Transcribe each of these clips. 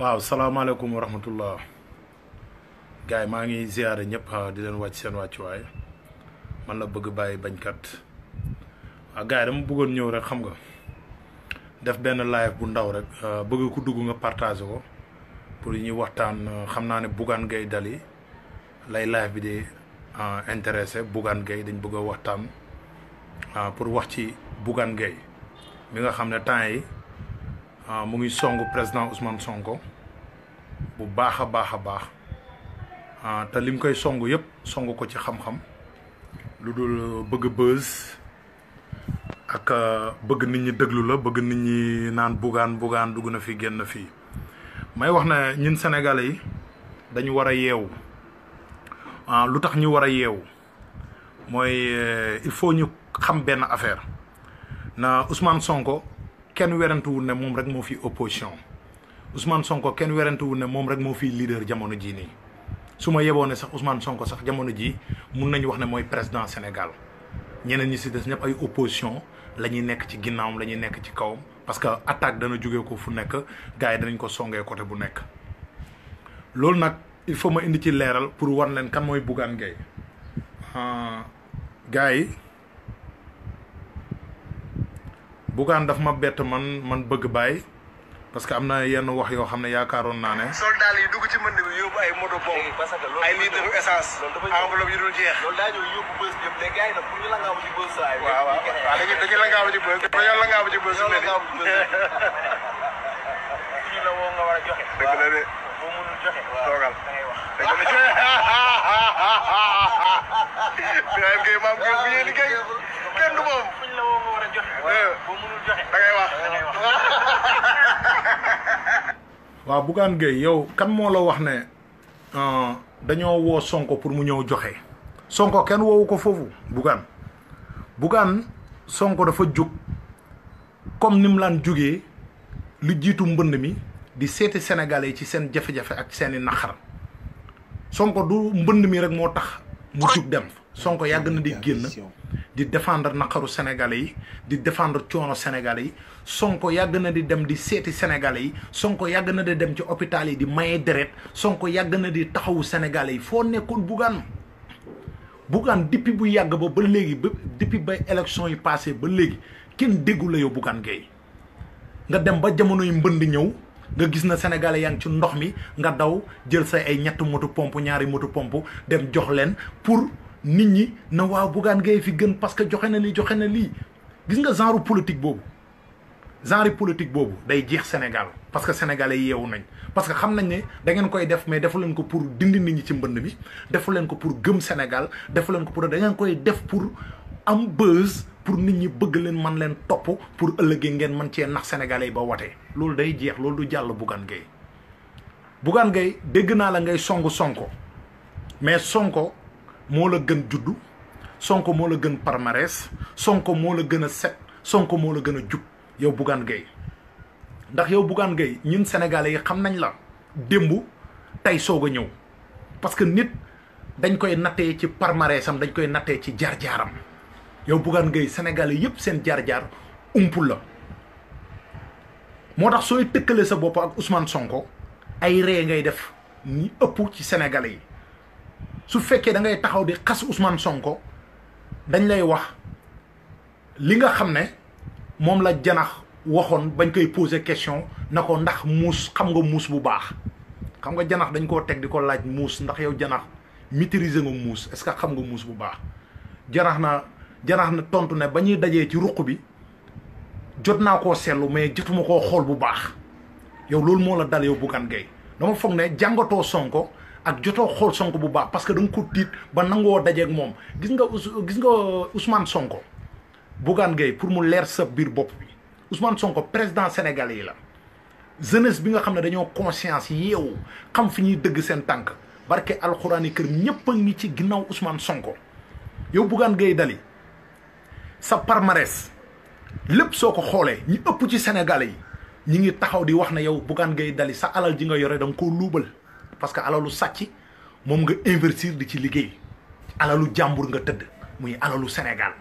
waaw salaamaaleykum wa rahmatullah gars yi maa ngi ziare ñëpp di leen wàcc seen wàccuwaay man la bëgg bàyyi bañkat waaw gars dama bëggoon ñëw rek xam nga def benn live bu ndaw rek bëgg ku dugg nga partagé ko pour ñuy waxtaan xam naa ne buggaan gay dali lay live bi di intéressé Bougane Gueye dañ bëgg a waxtaan pour wax ci Bougane Gueye mi nga xam ne temps yi mu ngi song président Ousmane Sonko bu baha baha. baax ah ta lim koy songu yep songu ko ci xam-xam ludul dul bëgg buzz ak ah, bëgg nit ñi déglu la bëgg nit ñi naan bugaan bugaan duguna fi genn fi may wax na ñun sénégalais yi dañu wara yew ah lutax ñu wara yew moy eh, il faut ñu xam ben affaire na Ousmane Sonko kenn ne mom rek mo fi opposition Ousmane Sonko kenn wu né mom rek mo fi leader jamono ji Suma suma yébone sax Ousmane Sonko sax jamono ji mën nañ wax né moy président Sénégal ñeneen ñi ci dess ñep ay opposition la nekk ci ginnawum la nekk ci kawum parce que attaque dana jógee ko fu nekk gaay dañ ko songé côté bu nekk. lool nak il faut ma indi ci léral pour war kan moy Bougane gay ah gaay Bougane daf ma bét man man bëgg parce que am yenn wax ne yaakaaroon ne. soldat yi dugg ci mbënd bi yóbbu ay moto eh, pompe. ay litre essence. enveloppe dul jeex. ci ci la nga joxe. la de. joxe. war a joxe. boo mënul joxe da ngay kan wax da ngay wax. waaw yow kan moo la wax ne dañoo woo Sonko pour mu ñëw joxe Sonko kenn woowu ko foofu Bougane Bougane Sonko dafa jóg comme nim laan jiitu mi di seeti sénégalais ci seen jafe-jafe ak seeni songko Sonko du mbënd mi rek moo tax mu jug dem sonko ya na di génn di défendre nakaru sénégalais yi di défendre tiono sénégalais yi sonko yàgg na di dem di séti sénégalais yi sonko ya na di dem ci hôpital yi di maye dérèt sonko yàgg na di taxawu sénégalais yi fo nekkul bugaan bugaan depuis bu yag ba ba légui depuis ba élection yi passé ba légui kenn déggu la yow gay nga dem ba yi mbënd ñew nga gis na sénégalais yang ci ndox mi nga daw jël sa ay ñett moto pompe ñaari moto pompe dem jox pur pour nit ñi na waaw Bougane Gueye fi gën parce que joxe na lii joxe na lii gis nga genre politique boobu genre politique boobu day jeex Sénégal parce que sénégalais yeewu nañ parce que xam nañ ne da ngeen koy def mais defu leen ko pour dindi nit ñi ci mbënd bi defu leen ko pour gëm Sénégal defu leen ko pour da koy def pour am buzz pour nit ñi bëgg leen man leen topp pour ëllëgee ngeen man cee nax sénégalais yi ba watee loolu day jeex loolu du jàll Bougane Gueye Bougane Gueye dégg naa la ngay songu Sonko mais Sonko mo la gën juddu sonko mo la gën parmarès sonko mo la gëna set sonko mo la gëna a yow Bougane gay, ndax yow Bougane gay ñun sénégalais yi xam nañ la dembu tay soog ñew parce que nit dañ koy naté ci parmarèsam dañ koy naté ci jar jaram yow Bougane gay sénégalais yépp sen jar jar umpul la motax soy tekkale sa bop ak Ousmane Sonko ay ré ngay def ni ëpp ci sénégalais su fekkee da ngay taxaw di xas Ousmane Sonko dañ lay wax li nga xam ne moom la janax waxoon bañ koy poser question na ko ndax muus xam nga muus bu baax xam nga janax dañ koo teg di ko laaj muus ndax yow janax maîtriser nga muus est-ce que xam nga muus bu baax janax na janax na tontu ne ba ñuy dajee ci ruq bi jot naa koo seetlu mais jotuma koo xool bu baax yow loolu moo la dal yow Bougane Gueye dama foog ne jàngatoo Sonko ak joto xol sonko bu baax parce que dang ko tit ba nango dajé ak mom gis nga gis nga Ousmane Sonko Bougane Gueye pour mu leer sa bir bop bi Ousmane Sonko président sénégalais la jeunesse bi nga xamne dañoo conscience yew xam fi ñi deug sen tank barké alcorane keur ñepp ngi ci ginnaw Ousmane Sonko yow Bougane Gueye dali sa parmarès lepp soko xolé ñi ëpp ci sénégalais yi ñi ngi taxaw di wax na yow Bougane Gueye dali sa alal ji nga yoré dang ko loubal parce que alalu sàcc mom nga investir di ci liguey alalu jambour nga teud muy alalu senegal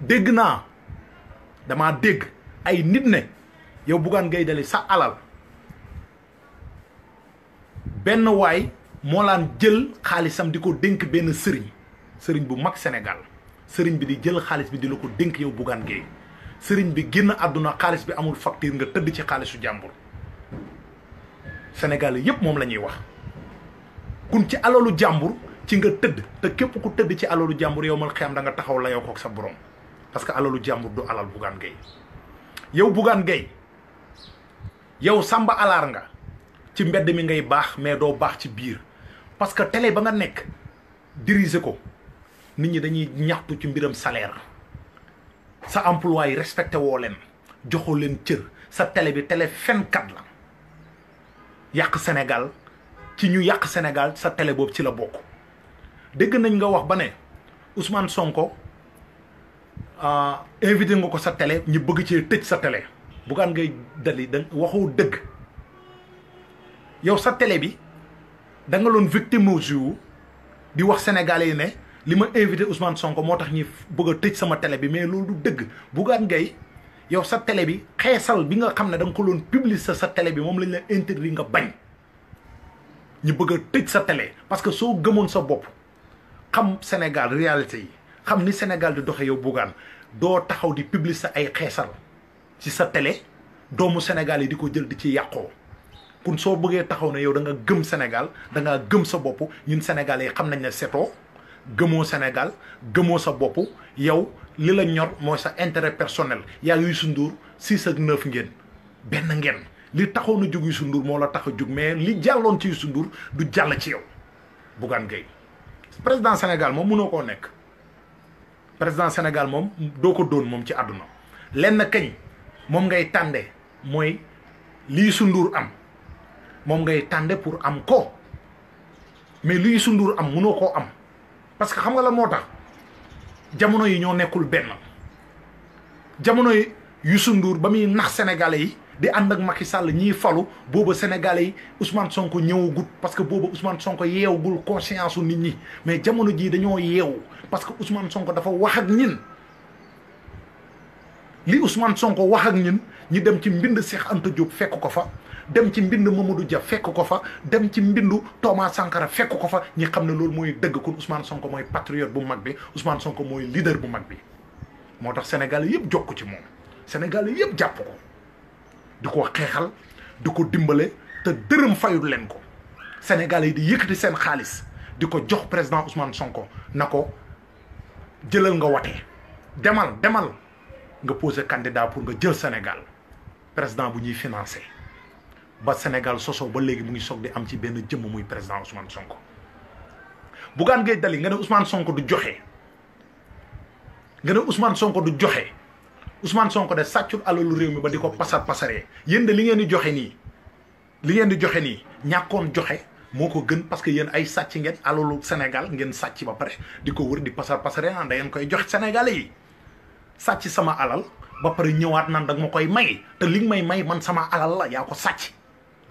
dégg naa dama dégg ay nit ne yow ngay sa alal ben way mo lan djel khalisam diko denk ben serigne serigne bu mak Senegal, serigne bi di djel khalis bi di lako denk dénk yow Bougane ngay serigne bi genn aduna khalis bi amul facture nga teud ci khalisu jambour Senegal, yépp mom lañuy wax kun ci alolu jambour ci nga teud te képp ku teud ci alolu jambour yowmal xiyam da nga taxaw ko ak sa borom parce que alolu jambour du alal bugaan gay yow bugaan gay yow samba alar nga ci mbedd mi ngay bax mais do bax ci biir parce que télé ba nga nek diriger ko nit ñi dañuy ñaxtu ci mbiram salaire sa employé respecté woo leen sa télé bi télé kat la yak senegal ci ñu yak senegal sa télé bob ci la bokk dégg nañ nga wax bané Ousmane Sonko ah, invité nga ko sa télé ñu bëgg ci tëj sa télé gan ngay dali da waxoo dëgg yow sa télé bi da nga loon victime jour di wax sénégalais né lima invité Ousmane Sonko motax ñi bëgg a sama télé bi mais loolu du bu gan ngay yow sa télé bi xéssal bi nga xamné dang ko doon publier sa télé bi mom lañ la interdire nga bañ ñu bëgg tejj sa télé parce que so gëmon sa bop xam Sénégal réalité yi xam ni Sénégal di doxé yow bugan do taxaw di sa ay xéssal ci sa télé doomu Sénégal yi di ko jël di ci yaqo kun so bëggé taxaw na yow da nga gëm Sénégal da nga gëm sa bop ñun Sénégalais xam nañ la gëmo Sénégal gëmo sa bop yow li la ñor moy sa intérêt personnel ya yu sundur 6 ak 9 ngeen ben ngeen li taxoon a jóg mo la tax a mais li jallon ci Youssou du jall ci yow Bougane gay président Sénégal mom mëno ko nek président Sénégal mom do ko doon mom ci aduna lenn kañ mom ngay tandé moy li sundur am mom ngay tandé pour am ko mais li sundur am mëno ko am parce que xam nga la moo tax jamono yi ñoo nekkul benn jamono yi Youssou Ndour ba muy nax sénégalais yi di ànd ak Macky Sall ñiy falu boobu sénégalais yi Ousmane sonk ñëwagut parce que boobu Ousmane Sonko yeewagul conscience u nit ñi mais jamono jii dañoo yeewu parce que Ousmane Sonko dafa wax ak ñin li Ousmane sonk wax ak ñin ñi dem ci mbind Cheikh Anta Diop fekk ko fa dem ci mbind mbindu du Dia fekk ko fa dem ci mbindu Thomas Sankara fekk ko fa ñi xam ne loolu mooy dëgg kon Ousmane Sonko mooy patriote bu mag bi Ousmane Sonko mooy leader bu mag bi moo tax Sénégal yëpp ko ci moom Sénégal yëpp jàpp ko di ko xeexal di ko dimbale te dërëm fayul leen ko Sénégal yi di yëkkati seen xaalis di ko jox président Ousmane Sonko na ko jëlal nga wate demal demal nga posé candidat pour nga jël Sénégal président bu ñuy financé ba Senegal soso ba léegi mu ngi sok di am ci ben jëm muy président Ousmane Sonko gan Gueye dali nga ne Ousmane Sonko du joxe nga ne Ousmane Sonko du joxe Ousmane Sonko de satchu alalu réew mi ba diko ko pasar yeen de li ngeen di joxe ni li ngeen di joxe ni ñakoon joxe moko gën parce que yeen ay sàcc ngeen alalu senegal ngeen sàcc ba paré di wër di pasar passaré naan ah, da ngeen koy jox Senegal yi satchi sama alal ba paré ñëwaat nan da ma koy may te li may may man sama alal la ya ko satchi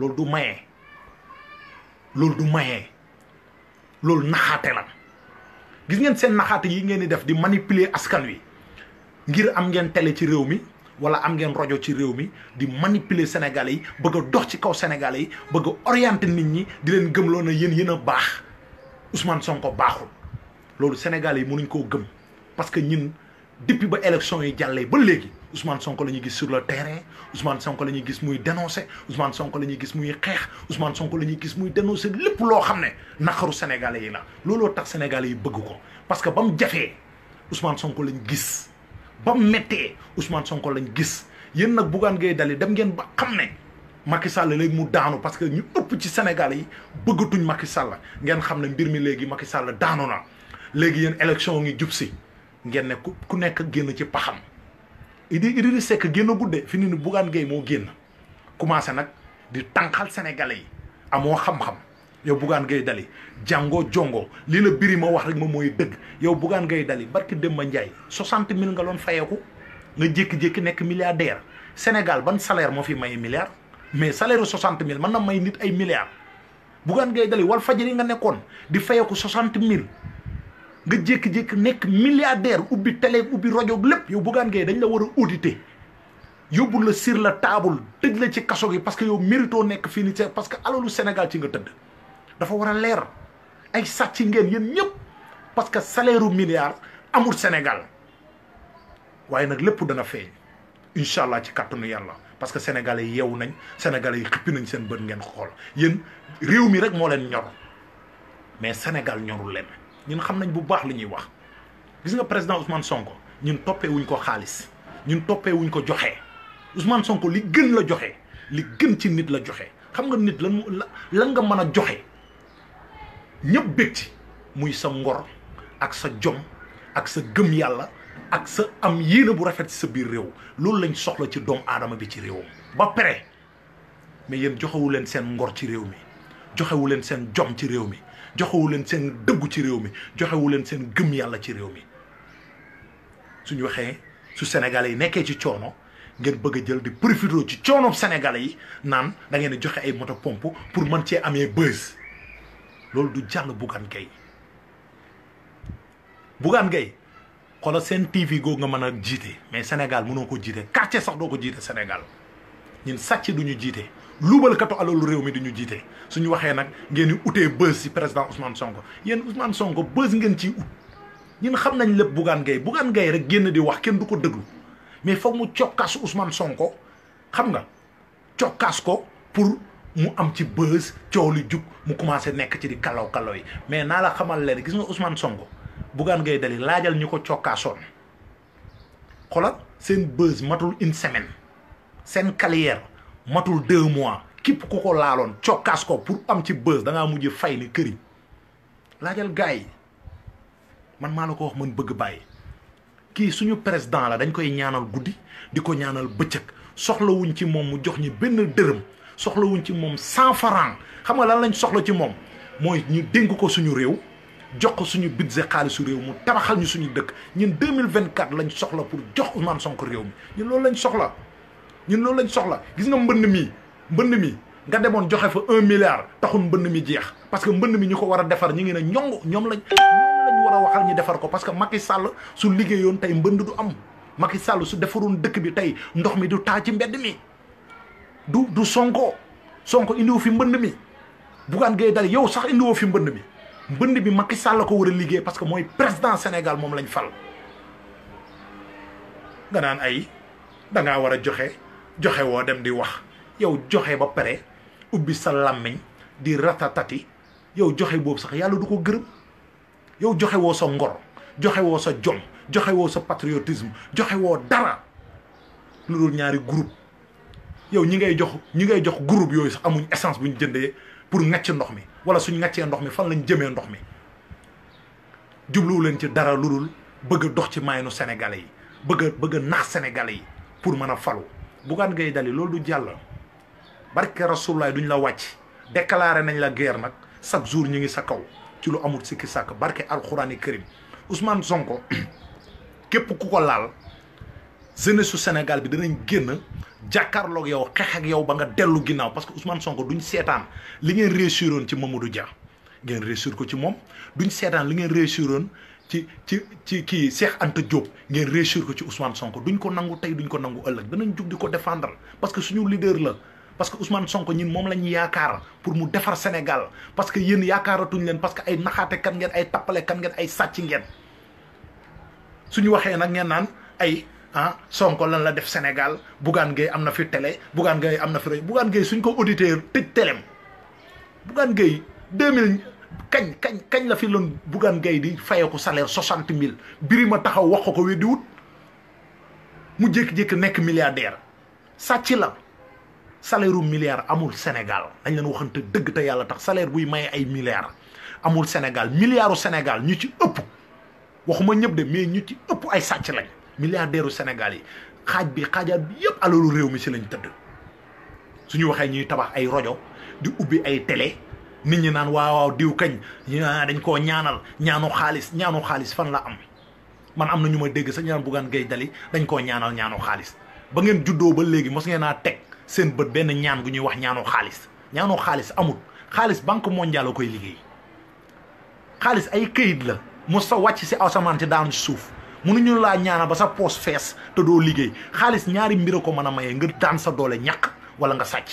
loolu du maye loolu du maye loolu naxaate la gis ngeen seen naxaate yi ngeen di def di manipuler askan wi ngir am ngeen télé ci réew mi wala am ngeen rajo ci réew mi di manipuler Sénégalais yi bëgg dox ci kaw Sénégalais yi bëgg a nit ñi di leen gëmloon na yéen yéen a baax Ousmane Sonko baaxul loolu Sénégalais yi mënuñ koo gëm parce que ñun depuis ba élection yi jàllee ba léegi. Ousmane Sonko la ñuy gis sur terrain Ousmane Sonko la ñuy gis muy dénoncé Ousmane Sonko la ñuy gis muy xeex Ousmane Sonko la ñuy gis muy dénoncé lépp loo xam ne naqaru Sénégalais yi na looloo tax Sénégalais yi bëgg ko parce que ba mu jafee Ousmane Sonko lañ gis ba mu méttee Ousmane Sonko lañ gis yéen nag Bougane Gueye Dany dem ngeen ba xam ne Macky Sall léegi mu daanu parce que ñu ëpp ci Sénégalais yi bëggatuñ Macky Sall ngeen xam ne mbir mi léegi Macky Sall daanu na léegi yéen élection ngi jub si ngeen ne ku nekk génn ci paxam di sek gennu budde fini ni bugan gay mo genn commencé nak di tankal sénégalais yi amoo xam-xam yow bugan gay dali jango jongo li la biri ma wax rek mo moy deug yow bugan gay dali barki Demba Ndiaye soixante mille nga lon fayeku nga jek jek nek milliardaire Sénégal ban salaire mo fi may milliard mais salaire 60000 man na may nit ay bugan gay dali wal Walfadjri nga nekkoon di fayeku 60.000 nga jékki-jékki nekk milliardaire ubbi télé ubbi rajo lépp yow Bougane Gueye dañu la war a auditer yóbbu la sur la table tëj la ci kaso yi parce que yow mérito nekk fii nii parce que alalu Sénégal ci nga tëdd dafa war a leer ay sàcc ngeen yéen ñëpp parce que salaire u amul Sénégal waaye nag lépp dana feeñ incha allah ci kàttanu yàlla parce que sénégalais yi yeewu nañ sénégalais yi xippi nañ seen bët ngeen xool yéen réew mi rek moo leen ñor mais Sénégal ñorul leen. ñun xam nañ bu baax li ñuy wax gis nga président Ousmane Sonko ñun toppee wuñ ko xaalis ñun toppee wuñ ko joxe Ousmane Sonko li gën la joxe li gën ci nit la joxe xam nga nit lan lan nga mën a joxe ñëpp bég ci muy sa ngor ak sa jom ak sa gëm yàlla ak sa am yéene bu rafet sa biir réew loolu lañ soxla ci doomu aadama bi ci réew ba pare mais yéen joxewu leen seen ngor ci réew mi joxewu leen seen jom ci réew mi joxewu leen seen dëggu ci réew mi joxewu leen seen gëm yàlla ci réew mi su ñu waxee su sénégalais yi nekkee ci coono ngeen bëgg a jël di profité ci coonoom sénégalais yi naan da ngeen di joxe ay moto pompe pour mën cee amee bës loolu du jàll Bougane Gueye Bougane gay xoolal seen TV googu nga mën a jiite mais Sénégal mënoo ko jiite quartier sax doo ko jiite Sénégal. ñin sàcc duñu lubal luubalkatu alalu rew mi duñu jité suñu waxé nak ngeen di utee ci président Ousmane Sonko yeen Ousmane Sonko bukan ngeen ci ut ñin xam nañ lépp gay Gueye Bougane Gueye rek genn di wax kenn duko ko mais fokk mu cokkaas Ousmane Sonko xam nga ko pour mu am ci bës li mu commencé nek ci di kalaw kalaw yi mais na la xamal leen gis nga Ousmane Sonko Bougane gay dali laajal ñuko ko cokkaasoon sen matul une semaine. une carrière matul deux mois ki ko ko laaloon cokkaas ko pour am ci un da nga mujj fay ni keri laajal gars man maa la wax man bëgg baye ki suñu président la dañ koy ñaanal guddi diko ñaanal bëccëg soxlawuñ ci mom mu jox ñi benn dërëm soxlawuñ ci mom 100 francs xam nga lan lañ soxla ci mom moy ñu denk ko suñu rew jox ko suñu budget xaalisu rew mu tabaxal ñu suñu 2024 lañ soxla pour jox Ousmane Sonko rew mi ñun loolu lañ soxla ñun loolu lañ soxla gis nga mbënd mi mbënd mi nga demoon joxe fa un milliard taxul mbënd mi jeex parce que mbënd mi ñu ko war a defar ñu ngi ne ñong ñoom lañ lañ war a waxal ñu defar ko parce que Macky Sall su liggéeyoon tey mbënd du am Macky Sall su defaroon dëkk bi tey ndox mi du taa ci mbedd mi du du sonko sonko indiwu fi mbënd mi bugaan gay dal yow sax indiwoo fi mbënd mi mbënd bi Macky Sall ko war a liggéey parce que mooy président Sénégal moom lañ fal nga naan ay da ngaa war a joxe joxe woo dem di wax yow joxe ba pare ubbi sa làmmiñ di ratatati yow joxe boobu sax yàlla du ko gërëm yow joxe woo sa ngor joxewoo sa jom joxewoo sa patriotisme joxe woo dara lu dul ñaari groupe yow ñi ngay jox ñi ngay jox groupe yooyu sax amuñ essance bu ñu jëndee pour ngàcc ndox mi wala suñ ngàccee ndox mi fan lañ jëmee ndox mi jubluwu leen ci dara lu dul bëgg dox ci maayanu sénégalais yi bëgg a bëgg a nax sénégalais yi pour mën a falu Bougane Gueye Dany loolu du jàll barke rasulaay duñu la wàcc déclaré nañ la guerre nag chaque jour ñu ngi sa kaw ci lu amul sikki sàkk barke alxuraani kërim Ousmane Sonko képp ku ko laal jeunesse su Sénégal bi danañ génn jàkkaarloog yow xeex ak yow ba nga dellu ginnaaw parce que Ousmane Sonko duñu seetaan li ngeen réussiroon ci Mamadou Dia ngeen réussir ko ci moom duñ seetaan li ngeen réussiroon ci ci ci ki Cheikh Anta Diop ngeen réussir ko ci Ousmane Sonko duñ ko nangu tay duñ ko nangu ëllëg danañ jug di ko défendre parce que suñu leader la parce que Ousmane Sonko ñin mom la yaakar pour mu défar Sénégal parce que yeen yaakaratuñ leen parce que ay naxaté kan ngeen ay tapalé kan ngeen ay sacc ngeen suñu waxé nak ngeen naan ay ah Sonko lan la def Sénégal Bougane Gueye am na fi télé Bougane Gueye am na fi rajo Bougane Gueye suñ ko auditeur tëj télém Bougane gay 2000 kañ kañ kañ la fi loon Bougane Gueye di fayeeku salaire soixante mille Birima taxaw wax ko ko weddi wut mu jékki-jékki nekk milliardaire sàcc la salaire u amul Sénégal dañ leen waxante dëgg te yàlla tax salaire buy maye ay milliards amul Sénégal milliardu Sénégal ñu ci ëpp waxuma ñëpp de mais ñu ci ëpp ay sàcc lañ milliardaire u Sénégal yi xaaj bi xaajaat bi yëpp alalu réew mi ci lañ tëdd suñu waxee ñuy tabax ay rajo di ubbi ay tele nit ñi naan waaw waaw diw kañ ah, dañ koo ñaanal ñaanu xaalis ñaanu xaalis fan la am man am na ñu ma dégg sa ñaan bugaan gay dali dañ koo ñaanal ñaanu xaalis ba ngeen juddoo ba léegi mos ngeen a teg seen bët benn ñaan gu ñuy wax ñaanu xaalis ñaanu xaalis amut xaalis banque mondiale koy liggéey xaalis ay këyit la mos sa wàcc si asamaan ci daanu suuf mënuñu laa ñaanal ba sa poos fees te doo liggéey xaalis ñaari mbir ko mën a maye ngir daan sa doole ñàkk wala nga sàcc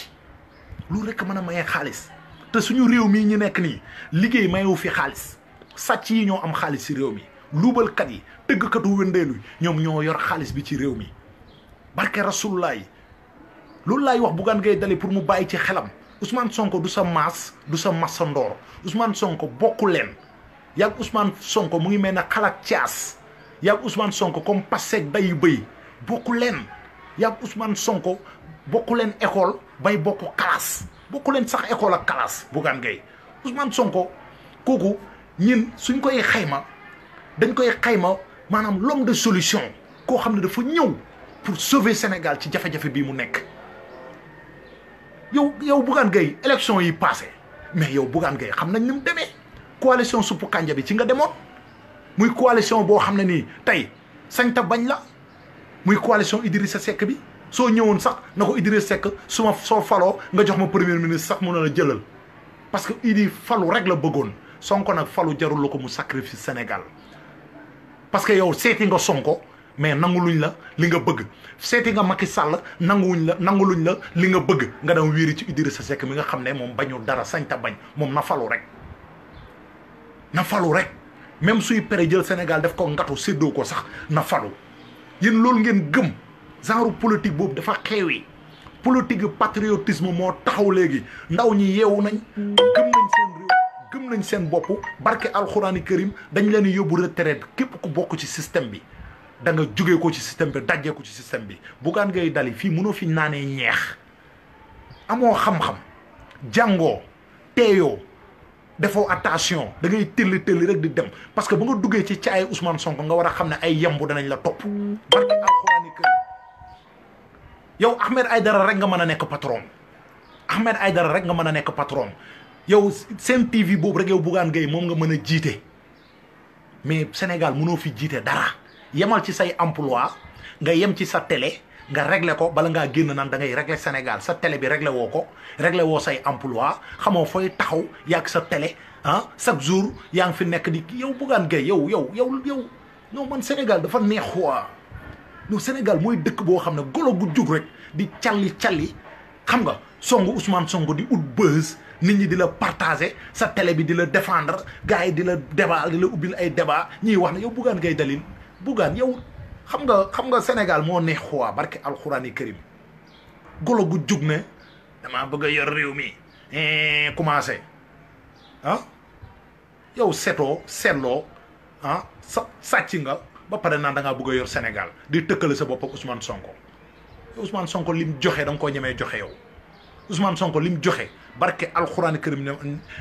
lu rek mën a maye xaalis te suñu réew mii ñu nekk nii liggéey mayewu fi xaalis sàcc yi ñoo am xaalis ci réew mi luubalkat yi tëggkatu wëndeelu ñoom ñoo yor xaalis bi ci réew mi barke rasulullah yi loolu laay wax Bougane Gueye Dany pour mu bàyyi ci xelam Ousmane Sonko du sa maas du sa masandoor Ousmane Sonko bokku leen yàgg Ousmane Sonko mu ngi mel ne xalaat as yàgg Ousmane Sonko comme passeeg dayu bëy bokku leen yàgg Ousmane Sonko bokku leen école bay bokk classe bokku leen sax école ak classe bougan gay Ousmane Sonko kooku ñin suñ koy xayma dañ koy xayma manam l'homme de solution ko xam dafa ñew pour sauver Sénégal ci jafé jafé bi mu nekk yow yow bougan gay élection yi passé mais yow bougan gay xam nañ ni mu demee coalition suppu kànja bi ci nga demoon muy coalition bo xamna ni tay tey sañta bañ la muy coalition Idrissa Seck bi so ñewon sax nako Idriss sek suma so falo nga jox ma premier ministre sax mo na la jëlal parce que idi falu rek la bëggoon sonko nak falu jarul lako mu sacrifice Sénégal parce que yow séti nga sonko mais nanguluñ la li nga bëgg séti nga Macky Sall nanguluñ la nanguluñ la li nga bëgg nga dam wiri ci Idriss sek mi nga xamné mom bañu dara ta bañ mom na falu rek na falu rek même suy péré Sénégal def ko ngatu seddo ko sax na falu yeen lool ngeen gëm genre politique boobu dafa xeewi politique patriotisme moo taxaw léegi ndaw ñi yeewu nañ gëm nañ seen réew gëm nañ seen bopp barke alxuraani karim dañ leen yóbbu retraite képp ku bokk ci système bi da nga jógee ko ci système bi dajjee ko ci système bi Bougane Gueye Dany fii mënoo fi naanee ñeex amoo xam-xam jàngoo teeyoo defoo attention da ngay tëlli tëlli rek di dem parce que ba nga duggee ci caay Ousmane sonk nga war a xam ne ay yembu danañ la topp barke alxuraani karim yow Ahmed dara rek nga mën a nekk patron Ahmed dara rek nga mën a nekk patron yow seen TV boobu rek yow Bougane Gueye moom nga mën a jiite mais Sénégal mënoo fi jiite dara yemal ci say emploi nga yem ci sa tele nga réglé ko bala ngaa génn naan da ngay réglé Sénégal sa télé bi réglé woo ko réglé woo say emploi xamoo fooy taxaw yàgg sa télé ah chaque jour yaa ngi fi nekk di yow Bougane Gueye yow yow yow yow non man Sénégal dafa neex waa ñow Sénégal mooy dëkk boo xam ne golo gu jug rek di calli calli xam nga songu Ousmane Sonko di ut buzz nit ñi di la partager sa télé bi di la défendre gars yi di la débat di la ubbil ay débat ñiy wax na yow Bougane Gueye Dany Bougane yow xam nga xam nga Sénégal moo neex xuwaa barke alxuraani karim golo gu jug ne damaa bëgg a yor réew mi eh, commencé ah yow setoo seetloo ah sa nga ba pare naan da ngaa bëgg a yor Sénégal di tëkkale sa bopp ak Ousmane Sonko Ousmane Sonko lim joxe da nga koo joxe yow Ousmane Sonko lim joxe barke alxuraan kërim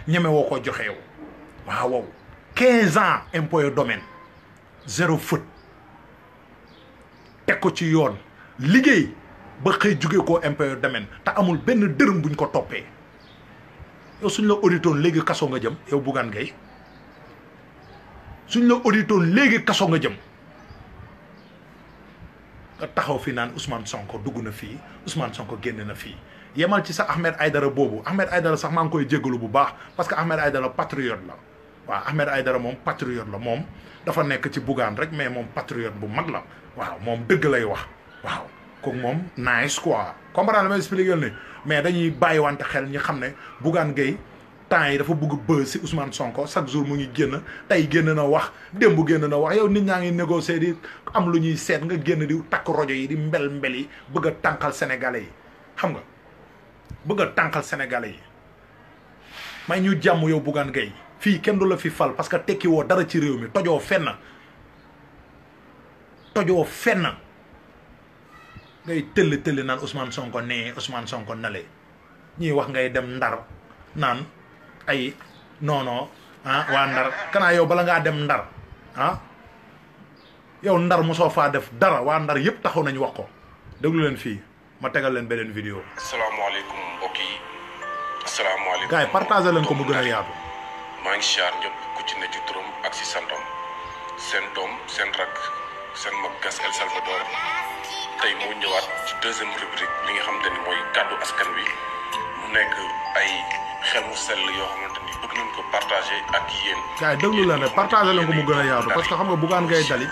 ñeme woo koo joxe yow waaw wow 15 ans impôt et domaine zéro faute teg ko ci yoon liggéey ba xëy jugee koo impôt et te amul benn dërëm buñ ko toppee yow suñ la auditoon léegi kaso nga jëm yow Bougane Gueye suñ la auditoon léegi kaso nga jëm. nga taxaw fi naan Ousmane Sonko dugg na fii Ousmane Sonko génn na fii yemal ci sax Ahmed Aydara boobu Ahmed Aydara sax maa ngi koy jégalu bu baax parce que Ahmed Aydara patriote la waaw Ahmed Aydara moom patriote la moom dafa nekk ci Bougane rek mais moom patriote bu mag la waaw moom dëgg lay wax waaw kook moom nice quoi comprendre la may expliquer ni mais dañuy bàyyi wante xel ñi xam ne bugaan Gueye temps yi dafa bëgg buzz si Ousmane Sonko chaque jour mu ngi génn tey génn na wax démb génn na wax yow nit ñaa ngi négocier di am lu ñuy seet nga génn di takk rajo yi di mbel mbel yi bëgg a tànqal sénégalais yi xam nga bëgga a tànqal sénégalais yi may ñu jàmm yow Bougane Gueye fii kenn du la fi fal parce que tekki woo dara ci réew mi tojoo fenn tojoo fenn ngay tëll tëll naan Ousmane Sonko nee Ousmane Sonko nale ñuy wax ngay dem ndar naan ay nono, ah wa ndar kanaa yow bala nga dem ndar ah yow ya, ndar muso fa def dara wa ndar yep taxaw nañ wax ko deglu len fi ma tegal len benen video assalamu alaykum oki assalamu alaykum gay partager len ko mu gëna yaatu. ma ngi siyaar ñëpp ku ci ne ci ak ci santom sen dom sen rak sen mag gas El Salvador tay mo ñëwaat ci deuxième rubrique li nga xam tane moy cadeau askan wi. mu nekk ay xel mu sell yoo xamante ni bëgg nañ ko partager ak yéen. gars yi déglu la ne partager la ko mu gën a yaatu parce que xam nga bugaan ngay dali.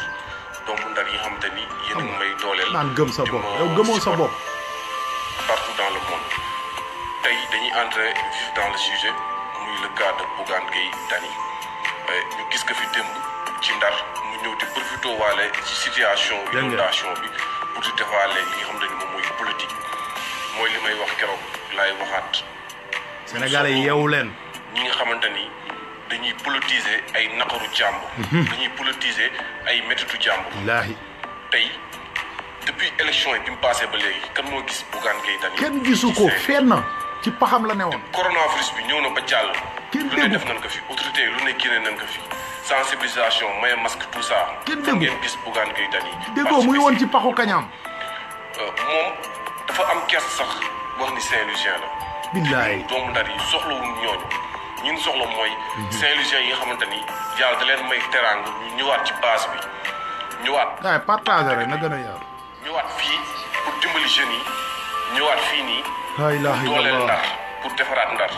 donc ndar yi nga xamante ni yéen ngi may dooleel. naan gëm sa bopp yow gëmoo sa bopp. partout dans le monde tey dañuy entrer vif dans le sujet muy le cas de Bougane Gueye Dany euh, ñu gis que fi démb ci ndar mu ñëw di profito waale ci situation. inondation bi pour di defaale li nga xamante ni moom mooy politique mooy li may wax keroog. laay waxaat. Sénégalais yi yeewu leen. ñi nga xamante ni dañuy politiser ay naqaru jàmbur. Mhm. dañuy politiser ay méttitu jàmbur. wallaahi tey depuis élection yi bi passé ba léegi kan moo gis Bougane Gueye Dany. kenn gisu ko fenn ci paxam la ne woon coronavirus bi ñëw na ba jàll. kenn déggu lu ne def nañ ko fi autorité yi lu ne génne nañ ko fi. sensibilisation maye masque tout ça. kenn déggu ngeen gis Bougane Gueye Dany. déggoo muy woon ci paxu kañaam. Euh, moom dafa am kers sax. wax ni Saint-Louisien la. billaay doomu ndar yi soxlawul ñooñu ñun soxla mooy. Mhm. saint yi nga xamante ni yàlla da leen may teraanga ñu ñëwaat ci base bi ñëwaat. waaw partage rek na gën ñëwaat fii pour dimbali jeunes yi ñëwaat fii nii. alhamdulilah pour dooleel ndar pour defaraat ndar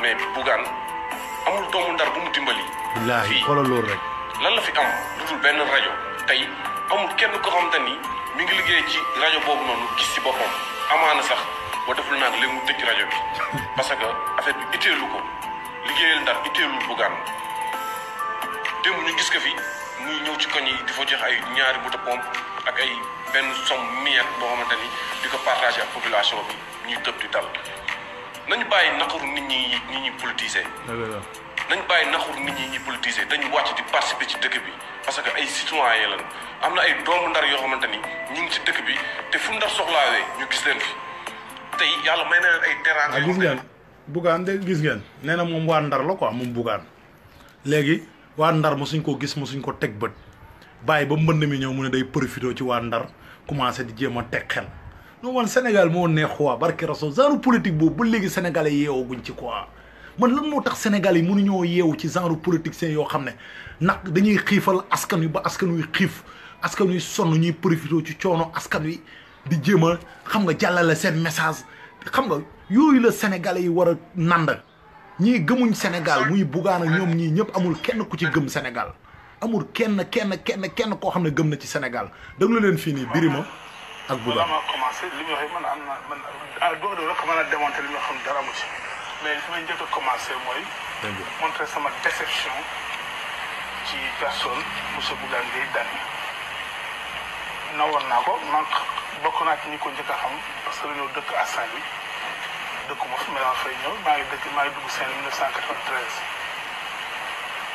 mais Bougane amul doomu ndar bu mu dimbali. fii xoolal loolu rek. lan la fi am lu dul benn rajo tey amul kenn ko xamante ni mi ngi liggéey ci rajo boobu noonu gis ci boppam amaana sax. moo tax lu naan léegi mu tëj rajo bi parce que affaire bi itteelu ko liggéeyal ndar itteelul Bougane démb ñu gis ko fi muy ñëw ci koñ yi di fa jox ay ñaari bouta pompe ak ay benn somme miette boo xamante ni di ko partagé ak population bi ñuy tëb di dal nañu bàyyi naqaru nit ñi ñi ñuy nañu nañ bàyyi naxur nit ñi ñu politiser dañu wàcc di participer ci dëkk bi parce que ay citoyen lan am na ay doomu ndar yoo xamante ni ñu ngi ci dëkk bi te fu ndar soxlaawee ñu gis leen fi tey yàlla may na ay terrain ah, gis ngeen Bougane de gis ngeen nee na moom waa Ndar la ko moom Bougane léegi waa Ndar ma suñ ko gis mosuñ ko teg bët bàyyi ba mbënd mi ñëw mu ne day profité ci waa Ndar commencé di jéem a teg xel non man Sénégal moo neex waa barke raso genre politique boobu ba léegi sénégalais yeewaguñ ci quoi man lan moo tax Sénégal yi mënuñoo yeewu ci genre politicien yoo xam ne nag dañuy xiifal askan wi ba askan wi xiif askan wi sonn ñuy profité ci coono askan wi di jéem a xam nga jàllale seen message xam nga yooyu la sénégalais yi war a nand ñii gëmuñ Sénégal muy bugaan ak ñoom ñii ñëpp amul kenn ku ci gëm Sénégal amul kenn kenn kenn kenn koo xam ne gëm na ci Sénégal déglu leen fii nii Birima ak bugaan. ma commencé li ñu wax man am na man ah doo xam dara mu ci mais li a commencé mooy. dégg montrer sama déception ci nawoon naa ko man bokk naa ci ñi ko njëkk a xam parce que dañoo dëkk à Saint-Louis dëkk bu fi Mélenchon fay ñëw maa ngi dëkk maa ngi dugg Saint-Louis 1993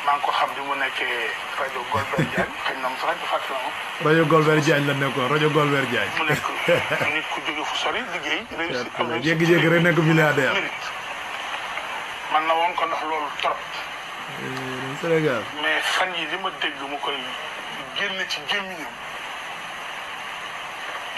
maa ngi ko xam bi mu nekkee rajo Golbert Diagne xëy na mu sax rajo fàtte na ma. la nekkoon rajo Golbert Diagne. mu nekk nit ku jóge fu sori liggéey. réussir am na jékki-jékki rek nekk milliardaire mérite man na woon ko ndax loolu trop. Eh, Sénégal mais fan yi li ma dégg mu koy génn ci gémmiñam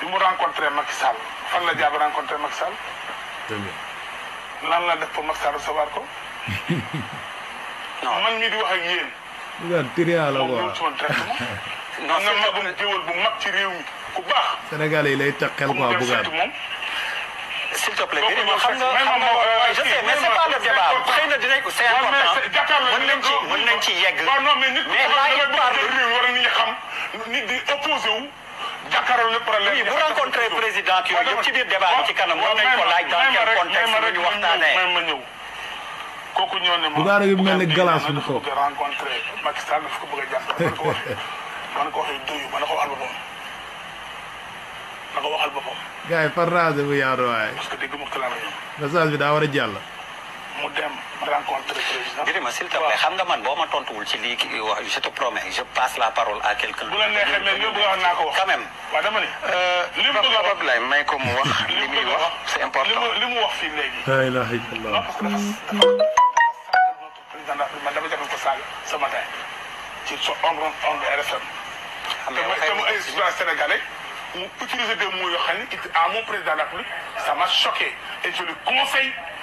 bi mu rencontré Macky Sall fan la jaar ba rencontré Macky Sall. lan la def pour Macky Sall recevoir ko. non man mii di wax ak yéen. waaw triant la quoi moom ci woon directement. non nga magum jiwal bu mag ci réew mi ku baax. Sénégalais yi lay teg xel quoi bugaar moom. s'il te plaît jërëjëf xam nga xam nga euh, je sais mais c'est pas le débat xëy na dinañ ko c'est important mën nañ ci mën nañ ci yegg. mais waaye par nit di opposé wu. jàkkaarloo le problème bu rencontré président yooyu yëpp ci biir débat bi ci kanam mën nañ ko laaj dans quel contexte la ñu waxtaanee ma ñëw kooku ñoo ne ma Duda rek mel ni glace bi ko rencontré Macky Sall daf ko bëgg a jàppale ko wax man ko waxee doyu ma na ko waxal boppam na ko waxal boppam gars yi par rajo bu yaatu waay parce que dégg mukk laa message bi daa war a jàll mu dem président. je passe la parole à quelqu'un. quand même c'est important ah, sénégalais. utiliser des mots à mon président de ça m'a choqué et je le conseille.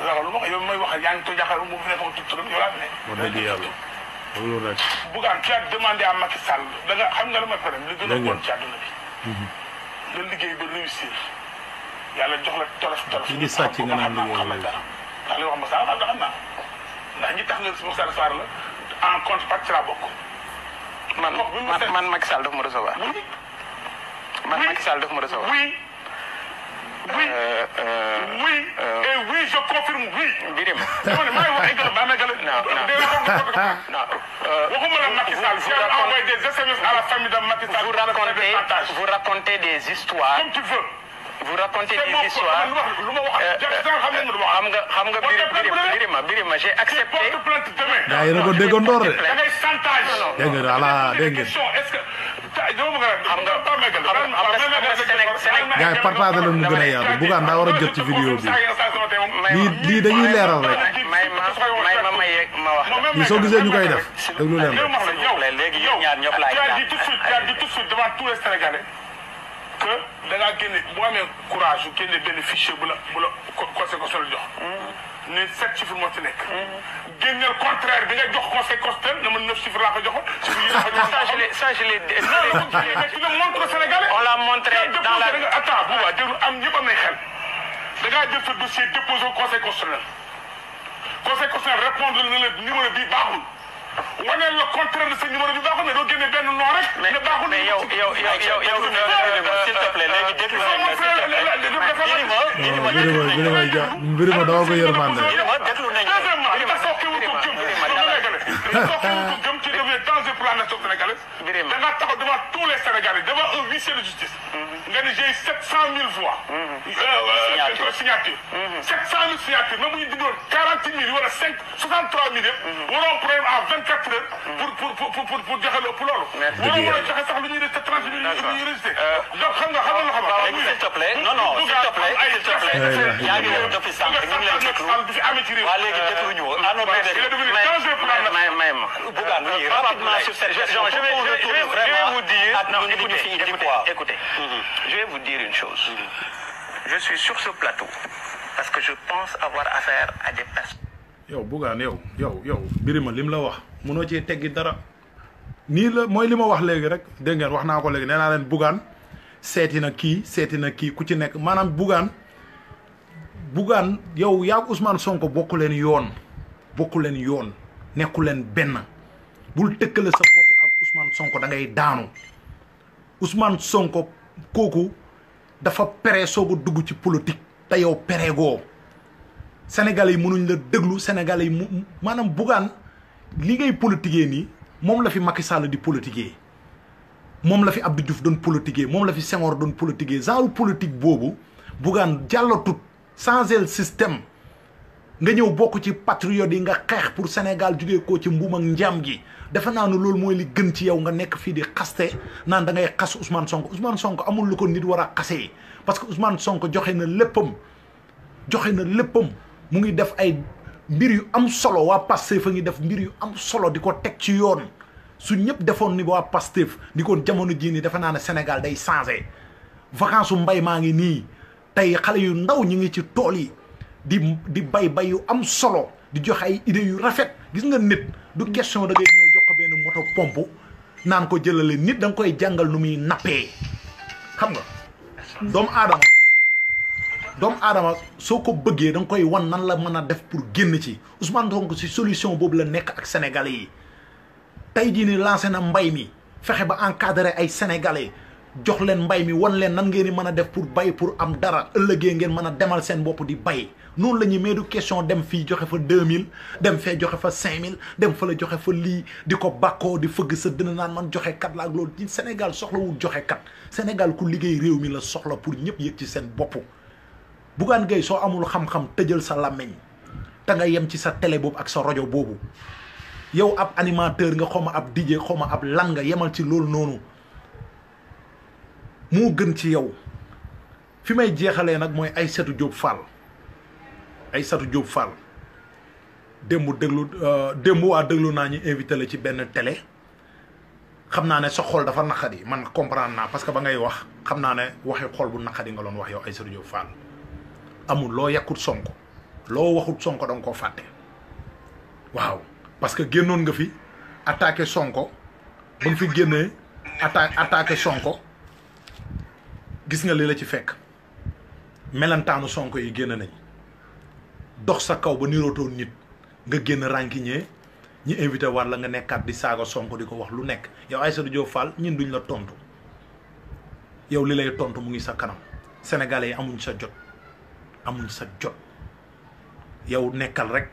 ragal lu ma ko yow may waxal yaa ngi toj jaaxal mu fi nekk moom turam yow laa fi ne. moo dëgg yàlla loolu am Bougane tu as demandé Sall da nga xam nga lu ma problème li gën a bon ci àdduna bi. Mhm. liggéey ba yàlla jox la tolof tolof. li sàcc nga naan liggéey lu nga xam li wax ma sax xam ndax ñi tax nga Macky Sall Sarr la en contrepartie la bokk. man man Macky Sall daf ma recevoir. man Macky ma oui oui et oui je confirme oui. vous des des histoires. tu veux. vous racontez des histoires euh, xam nga xam nga Birima Birima j'ai accepté. yaa ngi ko déggoon door de. dégg nga voilà dégg nga. xam nga xam nga gars yi partagé leen mu gën a yaatu Bougane daa war a jot ci vidéo bi lii lii dañuy leeral rek. may ma may ma ma yeeg ma wax. lii soo gisee ñu koy def déglu leen rek. léegi ñaar ñëpp laay que da courage la conseil mm-hmm. sept chiffres mm-hmm. contraire jox conseil constitutionnel ne neuf chiffres la ko ça je l'ai ça je l'ai on l'a montré dans la attends am xel. dossier déposé au conseil constitutionnel conseil constitutionnel répondre numéro de waneen la contraire de sa numéro bi baaxul mais doo génne benn non rek. ne baaxul mais yow yow yow yow s'il te plaît léegi déglu leen ma s'il te plaît. birima birima déglu nañ birima ja birima dama ko yërmande. birima déglu nañ birima birima birima danger pour la nation sénégalaise. devant tous les sénégalais devant un de justice. voix. signatures même à 24 heures. pour pour pour pour je, vais, vous dire. Ah, écoutez, mhm. Je vais vous dire une chose. Mhm. Je suis sur ce plateau parce que je pense avoir affaire à des personnes. Yo Bougan, yo, yo, yo. Birima li la wax Ni le teggi moi nii la mooy li ma wax léegi rek dégg ngeen wax Bougan, ko léegi Bougan. naa leen Bougane seeti na kii na ku ci Sonko bokku l'en yon, bokku l'en bul tëkkale sa bopp ak Ousmane Sonko da ngay daanu Ousmane Sonko kooku dafa pere soog a dugg ci politique te yow pere goo Sénégal yi mënuñ la déglu Sénégal yi mu maanaam bugaan li ngay politiquer nii moom la fi Macky Sall di politiquer moom la fi Abdou Diouf doon politiquer moom la fi Senghor doon politiquer genre politique boobu bugaan jàllatut changer le système. nga ñëw bokk ci patriote yi nga xeex pour Sénégal jugee koo ci mbuuma njaam gi defe naa ne loolu mooy li gën ci yow nga nekk fii di xaste naan da ngay xas usman sonk Ousmane sonk amul lu ko nit war a xasee parce que usman Sonko joxe na léppam joxe na léppam mu ngi def ay mbir yu am solo waa Pastef a ngi def mbir yu am solo di ko teg ci yoon su ñëpp defoon ni waa Pastef di ko jamono jii nii defe naa ne Sénégal day changé vacance su mbay maa ngi nii tey xale yu ndaw ñi ngi ci tool yi. di di bay bay yu am solo di jox ay idées yu rafet gis nga nit du question da ngay ñëw jox ko benn moto pompe naan ko jëlale nit da nga koy jàngal nu muy nappee xam nga doomu aadama doomu aadama soo ko bëggee da nga koy wan nan la mën a def pour génn ci Ousmane Sonko si solution boobu la nekk ak sénégalais yi tey jii ni lancé na mbay mi fexe ba encadrer ay sénégalais jox leen mbay mi wan leen nan ngeen di mën a def pour bay pour am dara ëllëgee ngeen mën a demal seen bopp di bay noonu la ñuy mais du question dem fii joxe fa 2000 dem fee joxe fa 5000 dem fa la joxe fa lii di ko bàkkoo di fëgg sa dina naan man joxe kat la ak di ci Sénégal soxlawul joxe kat Sénégal ku liggéey réew mi la soxla pour ñëpp yëg ci seen bopp. Bougane Gueye soo amul xam-xam tëjal sa làmmiñ te nga yem ci sa télé boobu ak sa rajo boobu yow ab animateur nga xaw ma ab DJ xaw ma ab lan yemal ci loolu noonu. mo gën ci yow fi may jeexalee nag mooy Aïssatou Diop Fall Aïssatou Diop Fall dembu deglu euh, dembu wa deglu naa ñu invité la ci ben télé xamna né sa xol dafa naxadi man comprendre na parce que ba ngay wax xamna né ne waxi xol bu naxadi nga lon wax yow Aïssatou Diop Fall amul lo yakut Sonko lo waxut Sonko dang ko faté waaw parce que génnoon nga fi attaquer Sonko bu fi genné attaquer Sonko gis nga li la ci fekk melentaanu sonk yi génn nañ dox sa kaw ba nirootoo nit nga génn rànkiñee ñi invité war la nga nekkaat di saaga sonko di ko wax lu nekk yow Aïssatou Diop Fall ñun duñ la tontu yow li lay tontu mu ngi sa kanam sénégalais yi amuñ sa jot amuñ sa jot yow nekkal rek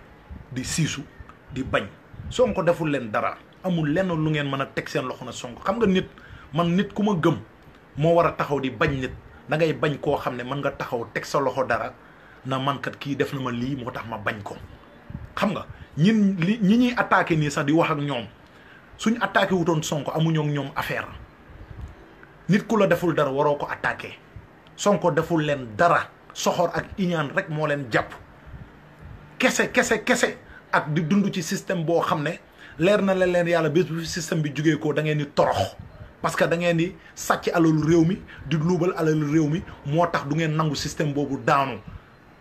di siisu di bañ sonko deful leen dara amul lenn lu ngeen mën a teg seen loxo na sonk xam nga nit man nit ku ma gëm mo wara taxaw di bañ nit da ngay bañ ko xamne man nga taxaw tek sa loxo dara na man kat ki def na ma li moo tax ma bañ ko xam nga ñin ñi ñi attaquer ni sax di wax ak ñom suñ attaqué songko sonko ñok ñom affaire nit ku la deful dara waro ko Songko sonko deful len dara soxor ak iñan rek mo len japp kese kese kese ak di sistem ci système bo xamne ne leer na len yalla bés bu système bi jugee ko da ngay ni torox parce que da ngeen di sàcc alalu réew mi di luubal alalu réew mi moo tax du ngeen nangu système boobu daanu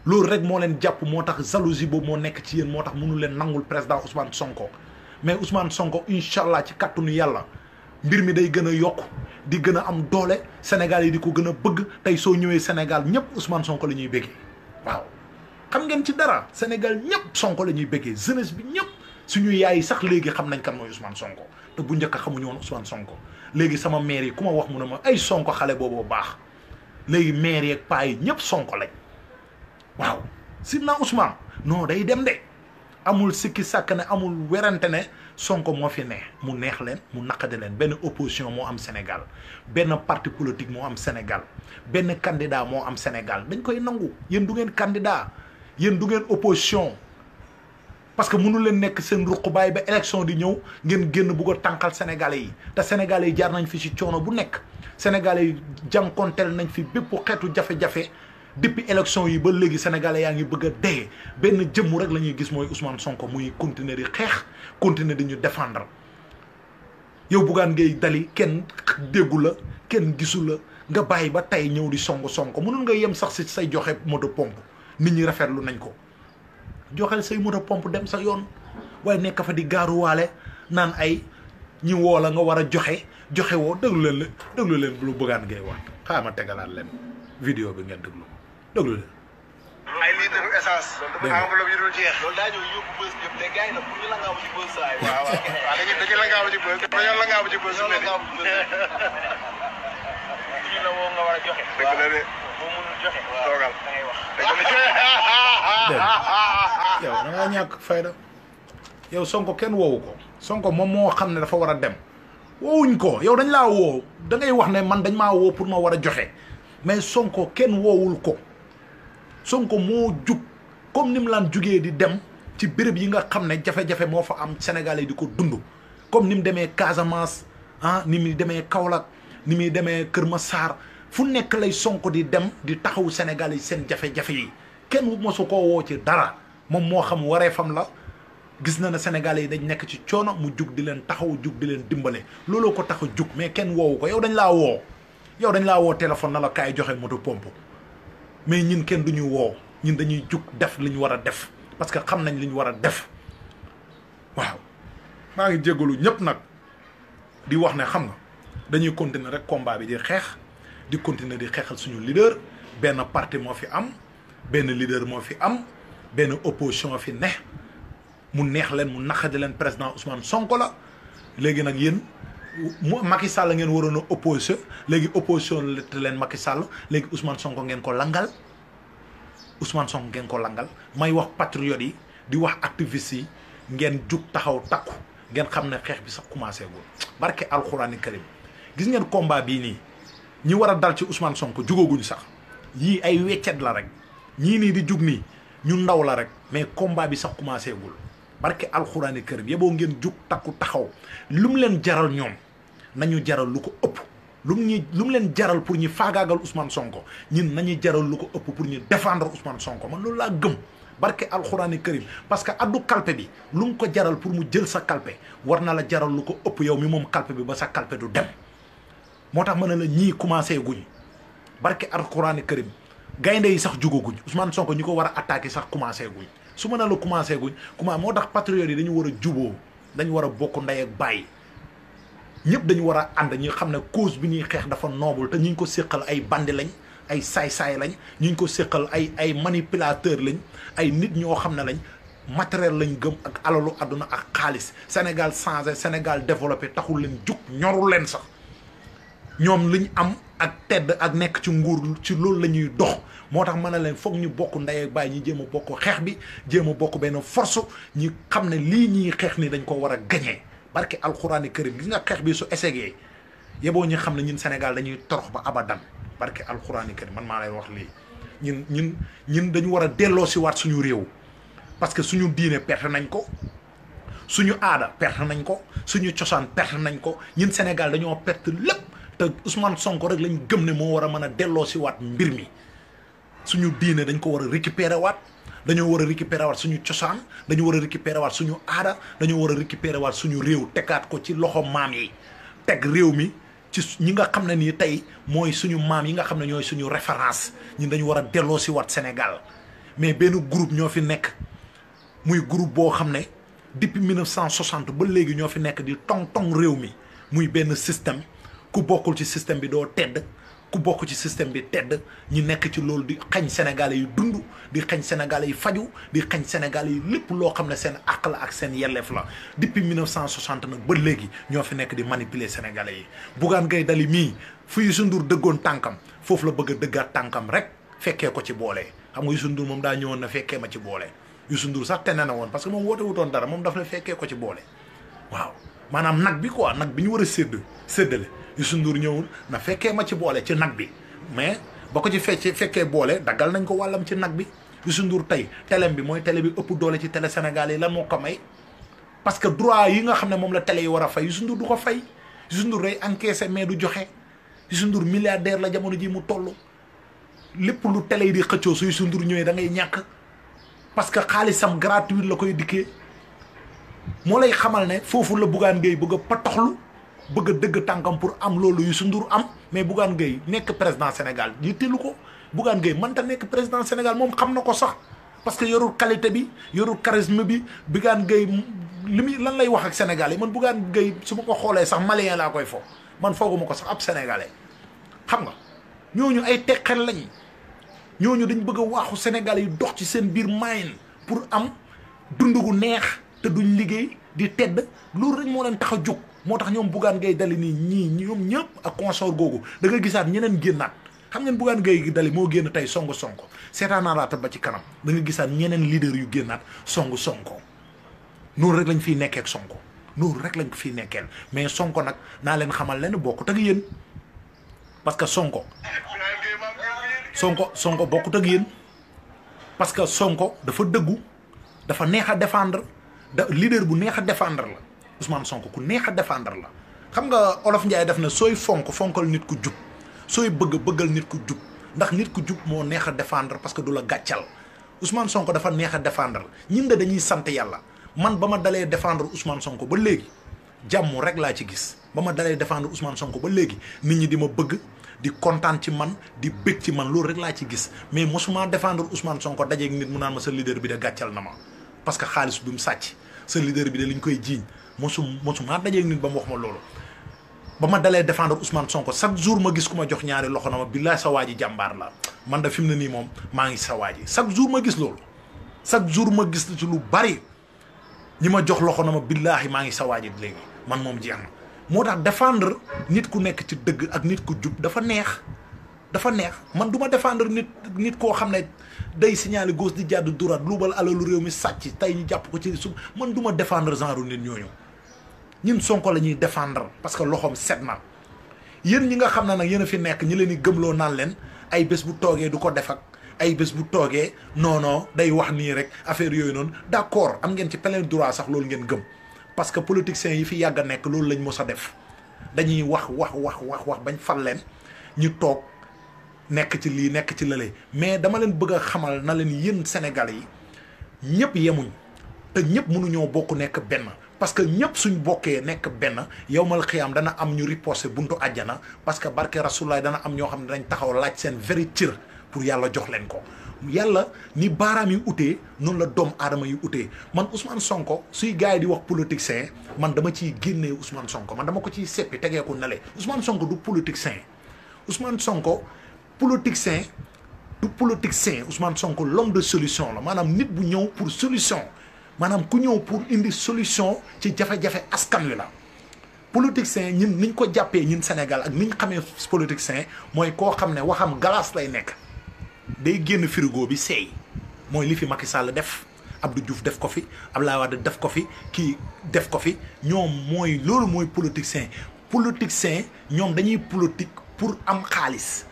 loolu rek moo leen jàpp moo tax jalousie boobu moo nekk ci yéen moo tax mënu leen nangul président Ousmane Sonko mais Ousmane Sonko incha allah ci kàttanu yàlla mbir mi day gën a yokk di gën a am doole Sénégal yi di ko gën a bëgg tey soo ñëwee Sénégal ñëpp Ousmane Sonko la ñuy béggee waaw. xam ngeen ci dara Sénégal ñëpp Sonko la ñuy béggee jeunesse bi ñëpp suñu yaay sax léegi xam nañ kan mooy Ousmane Sonko te bu njëkk xamuñu woon Ousmane Sonko. léegi sama maire yi ku ma wax mu ne ma ay sonko xale boobu baax léegi maire yeeg paa yi ñëpp sonko lañ waaw si Sidna Ousmane noo day dem de amul sikki sàkk ne amul werante ne sonko moo fi ne mu neex leen mu naqade leen benn opposition moo am Sénégal benn parti politique moo am Sénégal benn candidat moo am Sénégal dañ koy nangu yéen du ngeen candidat yéen du ngeen opposition parce que mënul leen nek seen ruq bay ba élection di ñew ngeen genn bu ko tankal sénégalais yi ta sénégalais jaar nañ fi ci coono bu nek sénégalais jankontel nañ fi bëpp xétu jafe jafé depuis élection yi ba légui sénégalais yaangi bëgg dé ben jëm rek lañuy gis moy Ousmane Sonko muy continuer di xex continuer di ñu défendre yow bugaan ngay dali kenn déggul la kenn gisul la nga bay ba tay ñew di song sonko mënul nga yem sax ci say joxe mode pompe nit ñi rafetlu nañ ko joxal say moto pompe dem sa yoon way nek fa di garu walé nan ay ñu woo la nga wara joxé joxé wo woo déglu leen la lu bëggaan ngay wax xama ma tegalaat leen vidéo bi ngeen déglu déglu leen. ay litre essence. dégg nga enveloppe yu dul jeex. loolu daa ñëw bëss bës té te na yi ñu la nga wu ci bëss ay waaw dañu dañu la nga wu ci bës. dañoo langaaw ci bës. dañoo langaaw ci bëss ñu la wo nga wara joxé joxe. dëgg toogal yow da ngaa ñàkk fayda yow sonko kenn woowu ko sonko moom moo xam ne dafa war a dem woowuñ ko yow dañ laa woo da ngay wax ne man dañ ma woo pour ma war a joxe mais sonko kenn woowul ko sonko moo jug comme ni mu laan jugee di dem ci béréb yi nga xam ne jafe-jafe moo fa am Sénégalais di ko dund comme ni mu demee kasamaas ah ni muy demee Kaolack ni muy demee Kër Massar fu nekk lay Sonko di dem di taxaw Sénégal yi seen jafe-jafe yi kenn mosu koo woo ci dara moom moo xam fam la gis na ne Sénégalais yi dañ nekk ci coono mu jug di leen taxaw jug di leen dimbale looloo ko tax jug mais kenn woowu ko yow dañu laa woo yow dañ laa woo téléphone na la kaay joxe moto pompe mais ñun kenn du ñu woo ñun dañuy jug def li ñu war a def parce que xam nañ li ñu war a def waaw maa ngi jégalu ñëpp nag di wax ne xam nga dañuy continuer rek combat bi di xeex. di continuer di xeexal suñu leader benn parti moo fi am benn leader moo fi am benn opposition fi ne mu neex leen mu naqadi leen président Ousmane Sonko la léegi nag yéen mu Macky Sall ngeen waroon a opposé léegi opposition te leen Macky Sall léegi Ousmane Sonko ngeen ko langal Ousmane Sonko ngeen ko langal may wax patriotes yi di wax activistes yi ngeen jug taxaw takku ngeen xam ne xeex bi sax commencé gul barke alxuraani karim gis ngeen combat bii nii. ñi wara dal ci Ousmane Sonko jugoguñ sax yi ay wéccet la rek ñi ni di jugni ñu ndaw la rek mais combat bi sax commencé gul barke alcorane kërëm yebo ngeen juk takku taxaw lum leen jaral ñom nañu jaral luko ko ëpp lum ñi lum leen jaral pour ñi faagaagal Ousmane Sonko ñin nañu jaral luko ko ëpp pour ñi défendre Ousmane Sonko man loolu la gëm barke alcorane kërëm parce que addu kalpe bi lum ko jaral pour mu jël sa kalpe warna la jaral lu ko yow mi mom kalpe bi ba sa kalpe du dem moo tax mën ne la ñii commencé guñ barke alxuraani karim gaynde yi sax jugaguñ Ousmane Sonko ñu ko war a attaqué sax commencé guñ su ma ne la commencé guñ commencé moo tax patriotes yi dañu war a juboo dañu war a bokk ndey ak bàyyi ñëpp dañu war a ànd ñu xam ne cause bi ñuy xeex dafa noble te ñu ko séqal ay bandi lañ ay saay-saay lañ ñu ko séqal ay ay manipulateur lañ ay nit ñoo xam ne lañ matériel lañ gëm ak alalu àdduna ak xaalis Sénégal changé Sénégal développé taxul leen jug ñorul leen sax ñoom ñu am ak tedd ak nekk ci nguur ci loolu la ñuy dox moo tax mën a leen foog ñu bokk ndey ak ñu ñi jéem a bokk xeex bi jéem a bokk benn force ñu xam ne lii ñuy xeex ni dañ ko war a gañee barke alxuraani karim gis nga xeex bi su essayé yeboo ñu xam ne ñun Sénégal dañuy torox ba abadan barke alxuraani karim man maa lay wax lii ñun ñun ñun dañu war a delloo si waat suñu réew parce que suñu diine perte nañ ko suñu aada perte nañ ko suñu cosaan perte nañ ko ñun Sénégal dañoo perte lépp te Ousmane Sonko rek lañ gëm ne moo war a mën a delloo si mbir mi suñu diine dañ ko war a récupérer waat dañoo war a récupérer waat suñu cosaan dañu war a récupérer waat suñu aada dañoo war a récupérer waat suñu réew tegaat ko ci loxo maam yi teg réew mi ci ñi nga xam ne nii tey mooy suñu maam yi nga xam ne ñooy suñu référence ñun dañu war a delloo si waat Sénégal mais benn groupe ñoo fi nekk muy groupe boo xam ne depuis 1960 ba léegi ñoo fi nekk di tong tong réew mi muy benn système ku bokkul ci système bi doo tedd ku bokk ci système bi tedd ñu nekk ci loolu di xañ sénégalais yu dund di xañ sénégalais yu faju di xañ sénégalais yu lépp loo xam ne seen àq la ak seen yelleef la depuis 1960 nag ba léegi ñoo fi nekk di manipuler sénégalais yi Bougane Gueye Dany mii fu Youssou sundur dëggoon tànkam foofu la bëgg a dëggaat tànkam rek fekkee ko ci boole xam nga Youssou Ndour moom daa ñëwoon na fekkee ma ci boole Youssou Ndour sax tene na woon parce que moom woote wutoon moom daf fekkee ko ci boole waaw maanaam nag bi nag bi ñu war a sédd séddale Youssou Ndour ñëwul na fekkee ma ci boole ci nag bi mais ba ko ci fekkee fekkee boole daggal nañ ko wàllam ci nag bi Youssou Ndour tey teleem bi mooy tele bi ëpp doole ci tele Sénégal la lan moo ko may parce que droit yi nga xam ne moom la tele yi war a fay Youssou Ndour du ko fay Youssou Ndour day encaissé mais du joxe Youssou Ndour milliardaire la jamono ji mu toll lépp lu tele yi di xëccoo su Youssou Ndour ñëwee da ngay ñàkk parce que xaalisam gratuit la koy dikkee moo lay xamal ne foofu la Bougane Gueye bëgg a patoxlu bëgg dëgg tànkam pour am loolu yusundur sundur am mais Bougane gay nekk président Sénégal yittilu ko gay man ta nekk président Sénégal moom xam na ko sax parce que yorul qualité bi yorul charisme bi Bougane Gueye li muy lan lay wax ak Sénégalais man Bougane gay su ma ko xoolee sax malien laa koy fo man fooguma ko sax ab sénégalais xam nga ñooñu ay teqel lañ ñooñu dañ bëgg waxu waaxu sénégalais yi dox ci seen biir mayen pour am dundugu neex te duñ liggéey di tedd loolu rek moo leen tax moo tax ñoom Bougane Gueye Dany nii ñii ñoom ñëpp ak consort googu dangay gisaat ñeneen génnaat xam ngeen Bougane gi Dany moo génn tey songu Sonko seetaanaalaata ba ci kanam da nga gisaat ñeneen leader yu génnaat song Sonko noonu rek lañ fiy nekkee ak Sonko noonu rek lañ ko fiy nekkeel mais Sonko nag naa leen xamal leen bokkut ak yéen parce que Sonko Sonko Sonko bokkut ak yéen parce que Sonko dafa dëggu dafa neex a défendre da leader bu neex a défendre la. Ousmane Sonko ku neex a défendre la xam nga olof Ndiaye def na sooy fonk fonkal nit ku jub sooy bëgg bëggal nit ku jub ndax nit ku jub moo neex a parce que du la gàccal Ousmane Sonko dafa neex a ñun de dañuy sant yàlla man ba ma dalee défendre Ousmane Sonko ba léegi jàmm rek laa ci gis ba ma dalee défendre Ousmane Sonko ba léegi nit ñi di ma bëgg di kontaan ci man di bëgg ci man loolu rek laa ci gis mais mosuma défendre Ousmane Sonko dajeeg nit mu naan ma sa leader bi de gàccal na ma parce que xaalis bi mu sàcc sa leader bi de liñ koy jiiñ mosum mosum maa dajee nit ba mu wax ma loolu ba ma dalee défendre Ousmane Sonko chaque jours ma gis ku ma jox ñaari loxo na ma billaay sa waa ji jàmbaar la man da fi mu ne nii moom maa ngi sa waa ji chaque jour ma gis loolu chaque jour ma gis ci lu bari ñi ma jox loxo na ma billaahi maa ngi sa waa ji léegi man moom jeex na moo tax défendre nit ku nekk ci dëgg ak nit ku jub dafa neex dafa neex man du ma défendre nit nit koo xam ne day signaler gauche di jàdd droite luubal alalu réew mi sàcc tey ñu jàpp ko ci sub man du ma défendre genre nit ñooñu ñun Sonko la ñuy défendre parce que loxoom set na yéen ñi nga xam ne nag yéen a fi nekk ñi leen di gëmloo naan leen ay bés bu toogee du ko def ay bés bu toogee noonoo day wax nii rek affaire yooyu noonu d'accord am ngeen ci plein droit sax loolu ngeen gëm parce que politiciens yi fi yàgg a nekk loolu lañ mos a def dañuy wax wax wax wax wax bañ fal leen ñu toog nekk ci lii nekk ci lële mais dama leen bëgg xamal na leen yéen Sénégalais yi ñëpp yemuñ te ñëpp mënuñoo bokk nekk benn. parce que ñëpp suñ bokkee nekk benn yow yowmal xiyaam dana am ñu riposé buntu àjjana parce que barke rasulaay dana am ñoo xam ne dañ taxaw laaj seen vérité pour yàlla jox leen ko. yàlla ni baaraam yu utee noonu la doom aadama yu utee man Ousmane Sonko suy gars yi di wax politicien man dama ciy génnee Ousmane Sonko man dama ko ciy seppi tegee ko nale Ousmane Sonko du politicien Ousmane Sonko politicien du politicien Ousmane Sonko l'homme de solution la maanaam nit bu ñëw pour solution. manam ku ñew pour indi solution ci jafé jafé askan wi la politiciens ñun niñ ko jappé ñun Sénégal ak niñ xamé politiciens moy ko xamné waxam galaas lay nek day génn frigo bi seey moy li fi Macky Sall def Abdou Diouf def ko fi Abdoulaye Wade def ko fi ki def ko fi ñom moy loolu moy politiciens politiciens ñom dañuy politique pour am xaliss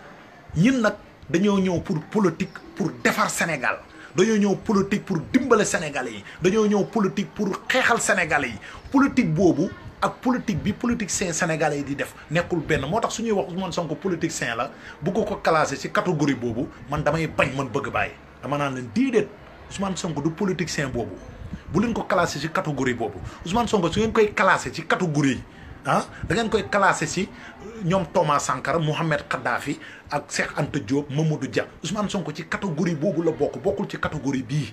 ñun nak dañoo ñew pour politique pour défar Sénégal dañu ñëw politique pour dimbalé sénégalais yi dañu ñëw politique pour xéxal sénégalais yi politique bobu ak politique bi politique saint sénégalais di def Nekul ben, motax tax suñuy wax mon Sonko politique saint la bu ko ko classer ci catégorie bobu man damay bañ man bëgg bàyyi dama politik leen déedéet Ousmane Sonko du politique saint bobu bu leen ko classer ci catégorie bobu Ousmane Sonko su ngeen koy classer ci catégorie ah da ngeen koy classer ci ñom Thomas Sankara Mohamed Kadhafi ak Cheikh Anta Diop Mamadou Dia Ousmane ko ci catégorie boobu la bokk bokkul ci catégorie bii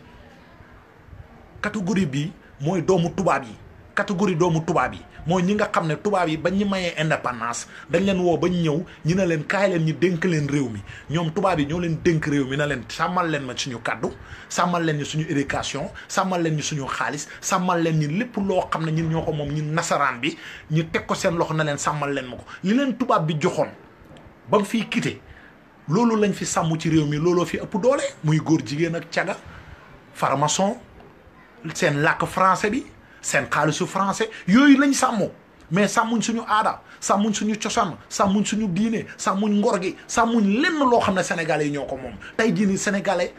catégorie bii mooy doomu tubaab yi catégorie doomu tubaab yi mooy ñi nga xam ne tubaab yi ba ñi mayee indépendance dañ leen woo ba ñu ñëw ñi ne leen kaay leen ñu dénk leen réew mi ñoom tubaab yi ñoo leen dénk réew mi na leen sàmmal leen ma suñu kàddu sàmmal leen ñu suñu éducation sàmmal leen ñu suñu xaalis sàmmal leen ñi lépp loo xam ne ñun ñoo ko moom ñun nasaraan bi ñu teg ko seen loxo na leen sàmmal leen ma ko li leen tubaab bi joxoon ba mu fiy loolu lañ fi sàmm ci réew mi looloo fi ëpp doole muy góor jigéen ak caga farmason seen làkk français bi seen xaalisu français yooyu lañu sàmm mais sàmmuñ suñu aada sàmmuñ suñu cosaan sàmmuñ suñu diine sàmmuñ ngor gi sàmmuñ lenn loo xam ne sénégalais yi ñoo ko moom tey jii nii sénégalais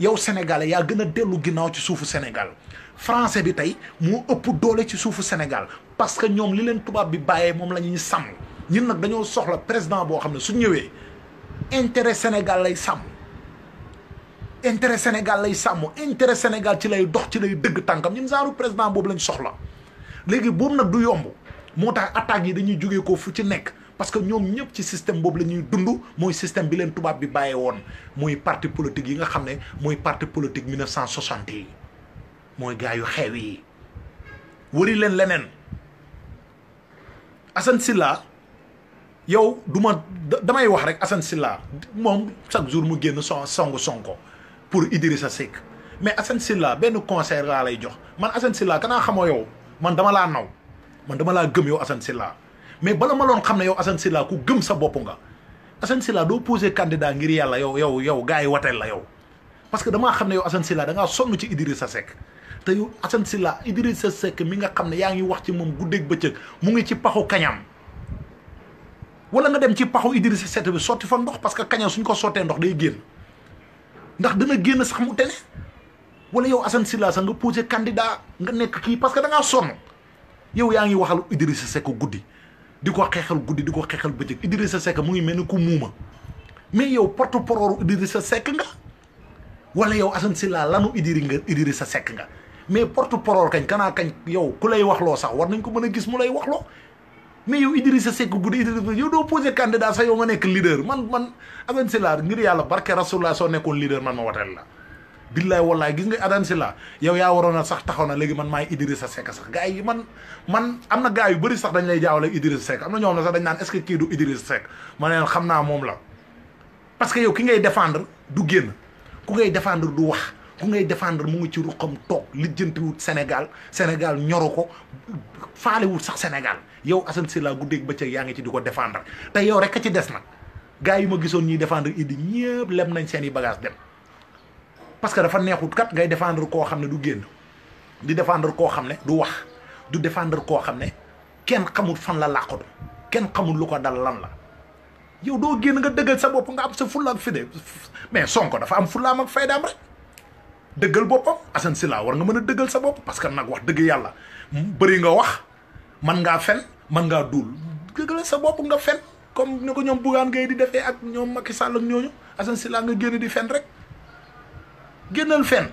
yow sénégalais yaa gën a dellu ginnaaw ci suufu Sénégal français bi tey moo ëpp doole ci suufu Sénégal parce que ñoom li leen tubaab bi bàyyee moom la ñuy sàmm ñun nag dañoo soxla président boo xam ne su ñëwee. intérêt Sénégal lay sàmm intérêt Sénégal lay sàmm intérêt Sénégal ci lay dox ci lay dëgg tànkam ñun genre président boobu lañ soxla léegi boobu nag du yomb moo tax attaques yi dañuy jógee ko fu ci nekk parce que ñoom ñëpp ci système boobu la ñuy dund mooy système bi leen tubaab bi bàyyee woon muy parti politique yi nga xam ne mooy parti politique 1960 yi mooy gars yu xeew yi wëri leen leneen Assane yow du ma damay wax rek Assane Sylla moom chaque jour mu génn son song Sonko pour Idrissa Seck mais Assane Sylla benn conseil laa lay jox man Assane Sylla kanaa xamoo yow man dama laa naw man dama laa gëm yow Assane Sylla mais bala ma loon xam ne yow Assane Sylla ku gëm sa bopp nga Assane Sylla doo posé candidat ngir yàlla yow yow yow gars yi wateel la yow parce que damaa xam ne yow Assane Sylla da ngaa sonn ci sa Seck te yow Assane Sylla Idrissa Seck mi nga xam ne yaa ngi wax ci moom guddeeg bëccëg mu ngi ci paxu kañam wala nga dem ci paxu Idrissa Seck bi soti fa ndox parce que kañan suñ ko soté ndox day génn ndax dana génn sax mu tene wala yow Assane Sylla sax nga poser candidat nga nek ki parce que da nga son yow yaangi waxal Idrissa Seck guddi di ko guddi di ko beuk bëccëg Idrissa Seck mu ngi melni ku muma mais yow porte parole Idrissa Seck nga wala yow Assane Sylla lanu idiri nga Idrissa Seck nga mais porte parole kañ kana kañ yow kulay wax lo sax war nañ ko gis mu lay lo mais yow Idrissa Seck guddi Idrissa yow doo posé candidat sax yow nga nekk leader man man Adan Sylla ngir yàlla barke Rasulullah soo nekkoon leader man ma woteel la. billaay wallaay gis nga Adan Sylla yaa waroon a sax taxaw na léegi man maay Idrissa Seck sax gars yi man man am na gars yu bëri sax dañ lay jaawale Idrissa Seck am na ñoo xam ne sax dañ naan est-ce que kii du Idrissa Seck ma ne leen xam naa moom la. parce que yow ki ngay défendre du génn ku ngay défendre du wax ku ngay défendre mu ngi ci ruqam toog lijjantiwut Sénégal Sénégal ñoru ko faalewut sax Sénégal. yow asan sila gudeg bëccëg yaa ngi ci di défendre té yow rek ci dess nak gaay yu ma gisoon ñi défendre Idi ñepp lem nañ seen bagage dem parce que dafa neexut kat ngay défendre ko du genn di défendre ko xam du wax du défendre ko xam kenn xamul fan la laqut kenn xamul lu ko dal lan la yow do genn nga dëggal sa bop nga am sa fulla fi fide mais Sonko dafa am fullaam ak faydaam rek dëggal bopam asan sila war nga mën a sa bop parce que nak wax deug yalla nga wax man nga fenn man ngaa duul jégale sa bopp nga fen comme ni ko ñoom Bougane Gueye di defee ak ñoom Macky Sall ak ñooñu Assane Sylla nga génn di fen rek génnal fen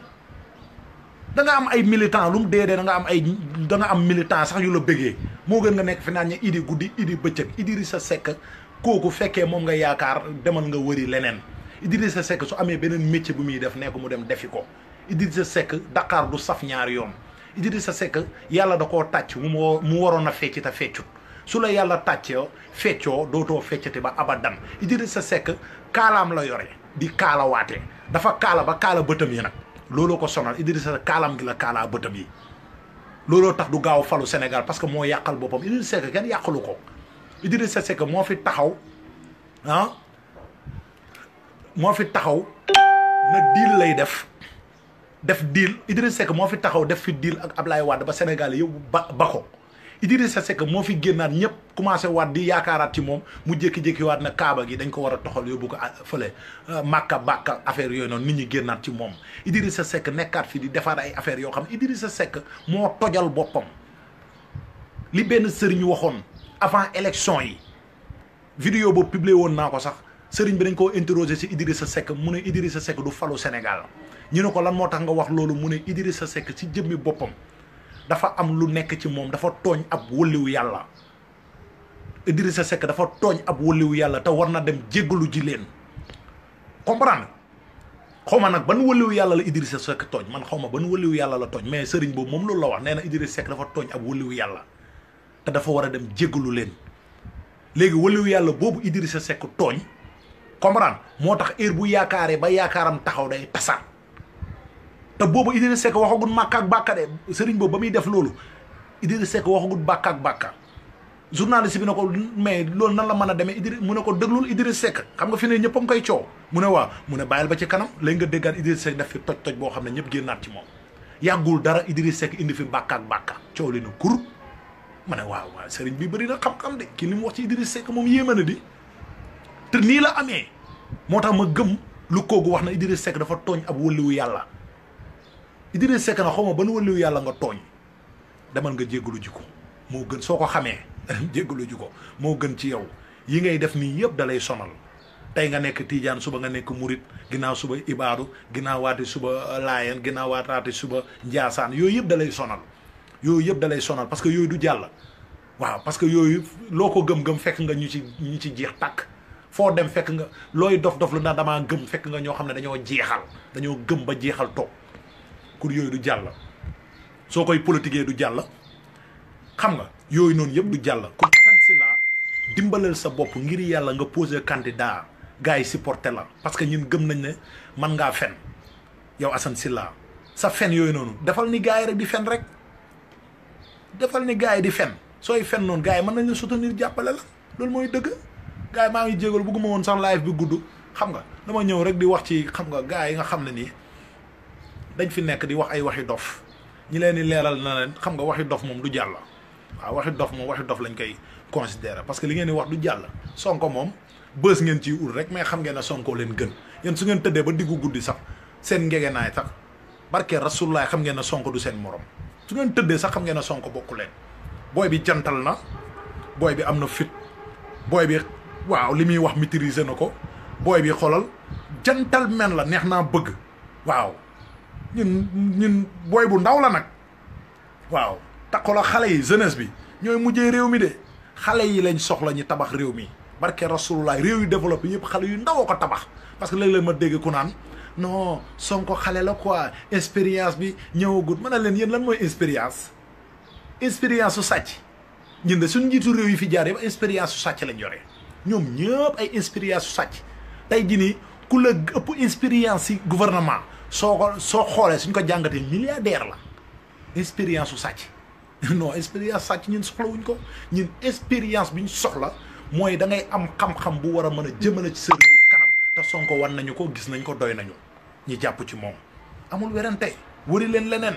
da nga am ay militant lu mu dee dee da nga am ay da nga am militant sax yu la bëggee moo gën nga nekk fi naan ña idi guddi idi bëccëg Idrissa Seck kooku fekkee moom nga yaakaar demal nga wëri leneen Idrissa Seck su amee beneen métier bu muy def nekk mu dem defi ko Idrissa Seck daqaar du saf ñaari yoon di sa Seck yàlla da koo tàcc mu moo mu waroon a fecc te feccut su la yàlla tàccee feccoo dootoo feccati ba abadan sa Seck kaalaam la yore di kaalawaatee dafa kaala ba kaala bëtam yi nag looloo ko sonal Idrissa kaalaam gi la kaalaa bëtam yi looloo tax du gaaw falu senegal parce que moo yàqal boppam Idrissa Seck kenn yàqlu ko Idrissa Seck moo fi taxaw ah, moo fi taxaw na diil lay def def deal Idrissa Seck moo fi taxaw def fi deal ak Ablaye Wade ba Sénégal yëpp ba ba ko sa Seck moo fi génnaat ñëpp commencé waat di yaakaaraat ci moom mu jékki-jékki waat na kaaba gi dañ ko war a toxal yóbbu ko ah, fële euh, màkka bàkka affaire yooyu noonu nit ñi génnaat ci moom sa Seck nekkaat fi di defar ay affaires yoo xam sa Seck moo tojal boppam li benn sëriñ waxoon avant élection yi vidéo boo publié woon naa ko sax sëriñ bi dañ koo interroger ci Idrissa Seck mu ne Idrissa Seck du falu Sénégal ñu ne ko lan mo tax nga wax lolu mu ne Idrissa sek ci jëmmi bopam dafa am lu nekk ci mom dafa togn ab wëlliwu yalla Idrissa sek dafa togn ab wëlliwu yalla te warna dem jéggalu ji len comprendre xoma nak ban wëlliwu yalla la Idrissa sek togn man xoma ban wëlliwu yalla la togn mais serigne boobu mom loolu la wax neena Idrissa sek dafa togn ab wëlliwu yalla ta dafa wara dem jéggalu len légui wëlliwu yalla bobu Idrissa sek togn comprendre motax heure bu yakare ba yakaram taxaw day te boobu Idrissa Seck waxagul màkk ak bàkka de sëriñ boobu ba muy def loolu Idrissa Seck waxagul bàkk ak bàkka journaliste bi ne ko mais loolu nan la mën a demee Idrissa mu ne ko déglul Idrissa Seck xam nga fi ne ñëpp koy coow mu ne waa mu ne bàyyil ba ci kanam léegi nga déggaat Idrissa Seck def fi toj toj boo xam ne ñëpp génnaat ci moom yàggul dara Idrissa Seck indi fi bàkk ak bàkka coow li na kur ma ne waaw waaw sëriñ bi bëri na xam-xam de kii li mu wax ci Idrissa Seck moom yéeme na di te nii la amee moo tax ma gëm lu koogu wax na Idrissa Seck dafa tooñ ab wëlliwu yàlla Idriss Seck na xaw ma ban wëlliwu yàlla nga tooñ demal nga jéggalu ji ko moo gën soo ko xamee jéggalu ji ko moo gën ci yow yi ngay def nii yëpp dalay sonal tey nga nekk Tidiane suba nga nekk Murit ginnaaw suba Ibaadu ginnaaw suba euh, Laayeen ginnaaw suba Njaasaan yooyu yëpp dalay sonal yooyu yëpp dalay sonal parce que yooyu du jàll waaw parce que yooyu loo ko gëm-gëm fekk nga ñu ci ñu ci jeex tàkk foo dem fekk nga looy dof dof lu na damaa gëm fekk nga ñoo xam ne dañoo jeexal dañoo gëm ba jeexal toog pour yooyu du so soo koy politiquer du jàll xam nga yooyu non yeb du jàll kon Assane la dimbalal sa bop ngir yalla nga poser candidat gars supporter la parce que ñun gëm nañ ne man nga fen yow asan Sylla sa fen yooyu non defal ni gars rek di fen rek defal ni gars di fen soy fen non gars man nañ la soutenir jappale la lool moy deug gars ma ngi jégal bëgguma won sax live bi gudd xam nga dama ñëw rek di wax ci xam nga gars nga xam dañ fi nek di wax ay waxi dof ñi leen ni leral na leen xam nga waxi dof mom du jàll wa waxi dof mom waxi dof lañ koy considérer parce que li ngeen ni wax du jàll sonko mom beus ngeen ci ul rek mais xam ngeen na sonko leen gën yeen su ngeen teddé ba diggu guddi sax seen ngegenaay tax barke rasulullah xam ngeen na sonko du seen morom su ngeen teddé sax xam ngeen na sonko bokku leen boy bi jantal na boy bi amna fit boy bi waaw limi wax maîtriser nako boy bi xolal jantal men la neexna bëgg waaw ñun ñun boy bu ndaw la nak waaw la xalé yi jeunesse bi ñoy mujjé réew mi de xalé yi lañ soxla ñi tabax réew mi barké rasulullah réew yu développé yépp xalé yu ndaw ko tabax parce que lay léeg ma dégg ku naan non ko xalé la quoi expérience bi ñëwagut ma ne leen yeen lan moy expérience expérience su sacc ñun de suñu jitu réew yi fi jaaré yëpp expérience su sacc lañ yoré ñom ñëpp ay expérience su sacc tay gi ni ku la ëpp expérience si gouvernement soo ko soo xoolee suñ ko jàngatee milliardaire la expérience u sàcc non expérience sàcc ñun soxlawuñ ko ñun expérience bi ñu soxla mooy da am xam-xam bu war a mën a jëmale ci sa réew te Sonko wan nañu ko gis nañ ko doy nañu ñu jàpp ci moom amul werante wari leen leneen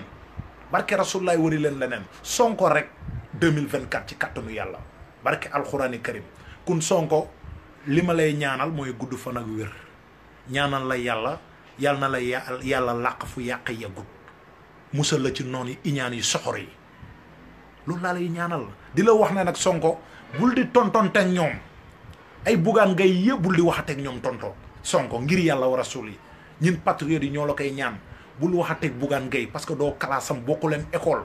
barke rasulaay wari leen leneen Sonko rek 2024 ci kàttanu yàlla barke alxuraani karim kun Sonko li ma lay ñaanal mooy gudd fan ak wér ñaanal la yàlla yal na la yàlla làq fu yàq yeggut musal la ci noon yi iñaan yi soxor yi loolu laa lay ñaanal di la wax ne nag sonko bul di tontonte ak ñoom ay bugaan gay yëpp bul di waxateeg ñoom tonton sonko ngir yàlla war a suul yi ñun patriotes yi ñoo la koy ñaan bul wax waxateeg bugaan ngay parce que doo kalaasam bokku leen école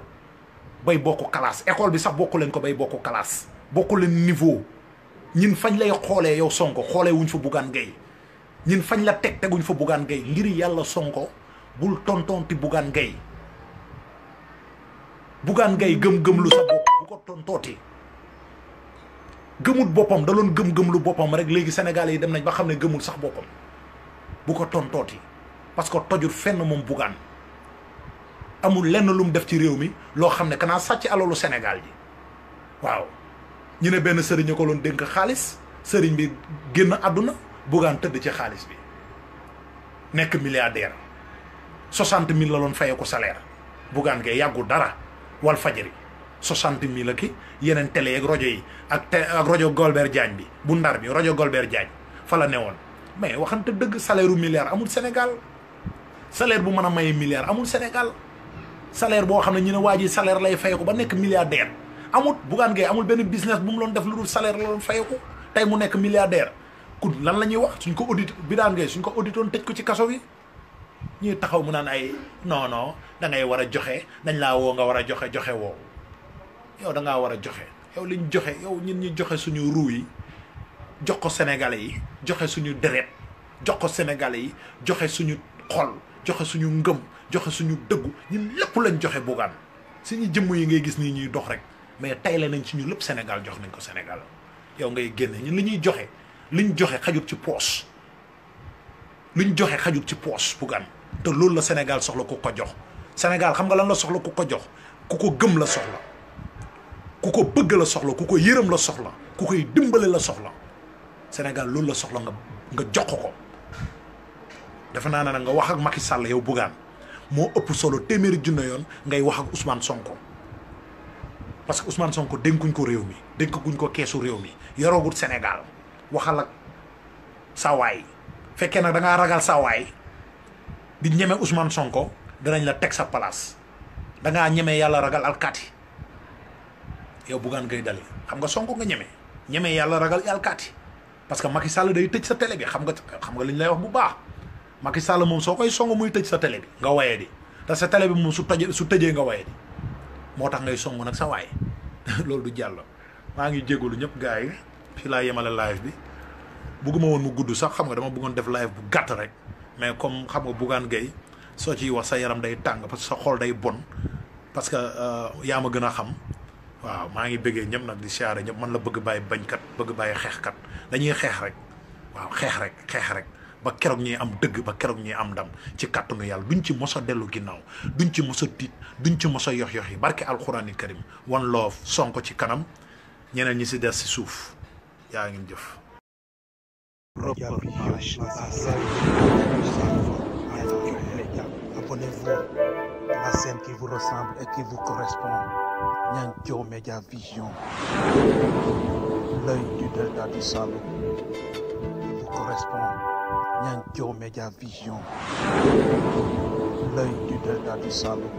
bay bokk classe école bi sax bokku leen ko bay bokk kalaas bokku leen niveau ñun fañ lay xoolee yow sonko xoolee wuñ fa bugaan ngay ñin fañ la tek teguñ fa bugan gay ngir yalla sonko bul tontonti bugan gay bugan gay gem gem lu sa bop bu ko tontoti gemut bopam da lon gem gem lu bopam rek legi sénégalais yi dem nañ ba xamne gemul sax bopam bu ko tontoti parce que tojur fenn mom bugan amul lenn lum def ci réew mi lo xam kana kanaa sàcc alalu sénégal ji waaw ñu ne ben sëriñ ko lon denk xaliss sëriñ bi genn aduna buggaan tëdd ci xaalis bi nekk milliardaire soixante mille la doon fayee ko salaire buggaan gee yàggu dara wal fajari soixante mille ak yeneen télé ak rajo yi ak te ak rajo Golbert Diagne bi bu ndar bi rajo Golbert Diagne fa la newoon mais waxante dëgg salaire u milliard amul senegal salaire bu mën a maye milliard amul senegal salaire boo xam ne ñu ne waa ji salaire lay fayeeku ba nekk milliardaire amut buggaan gee amul benn business bu mu loon def lu dul salaire la doon mu nekk milliardaire kun lan lañuy wax suñ ko audit daan ngay suñ ko won tej ko ci kasso wi ñi taxaw mu naan ay non non da ngay wara joxe dañ la wo nga wara joxe joxe wo yow da nga wara joxe yow liñ joxe yow ñin ñi joxe suñu ruuy jox ko sénégalais yi joxe suñu deret jox ko sénégalais yi joxe suñu xol joxe suñu ngëm joxe suñu dëgg ñin lepp lañ joxe bugaan suñu jëm yi ngay gis ni ñuy dox rek mais tay la nañ suñu lepp sénégal jox nañ ko sénégal yow ngay li joxe liñ joxe xajut ci poos liñ joxe xajut ci poos Bougane te loolu la Sénégal soxla ku ko jox Sénégal xam nga lan la soxla ku ko jox ku ko gëm la soxla ku ko bëgg la soxla ku ko yërëm la soxla ku koy dimbale la soxla Sénégal loolu la soxla nga nga jox ko defe naa ne nag nga wax ak Macky Sall yow Bougane moo ëpp solo téeméeri junne yoon ngay wax ak Ousmane Sonko parce que Ousmane Sonko dénkuñ ko réew mi dénkuñ ko keesu réew mi yoroogut Sénégal waxal ak sawaay fekkee da nga ragal sawaay di ñëmé Ousmane Sonko danañ la tek sa place da nga ñëmé Yalla ragal alkati, yow gan ngay dalé xam nga Sonko nga ñëmé ñëmé Yalla ragal alkati, parce que Macky Sall day tëj sa télé bi xam nga xam nga liñ lay wax bu baax Macky Sall mom soo koy muy tëj sa télé bi nga wayé di da sa télé bi moom su tëjee su tejé nga wayé di ngay song nak sa way lolou du jallo ma ngi jégalu ñep gaay fi la yemalé live bi bugguma won mu gudd sax xam nga dama bëggon def live bu gatt rek mais comme xam nga Bougane gay so ci wax sa yaram day tang parce sa xol day bon parce que ya ma gëna xam waaw ma ngi bëggé ñëm nak di xiaré ñëm man la bëgg bañ kat bëgg xex kat dañuy xex rek waaw xex rek xex rek ba kérok ñi am dëgg ba kérok ñi am dam ci kàttanu yalla duñ ci mos a ginnaw duñ ci mos tit duñ ci mos yox yox yi barké alcorane karim One Love sonko ci kanam ñeneen ñi ci dess ci suuf yaa ngi jëf abonnez-vous à la scène qui vous ressemble et qui vous correspond Nianthio Média Vision l'œil du delta du salon. qui vous correspond Média Vision l'œil du delta du salon.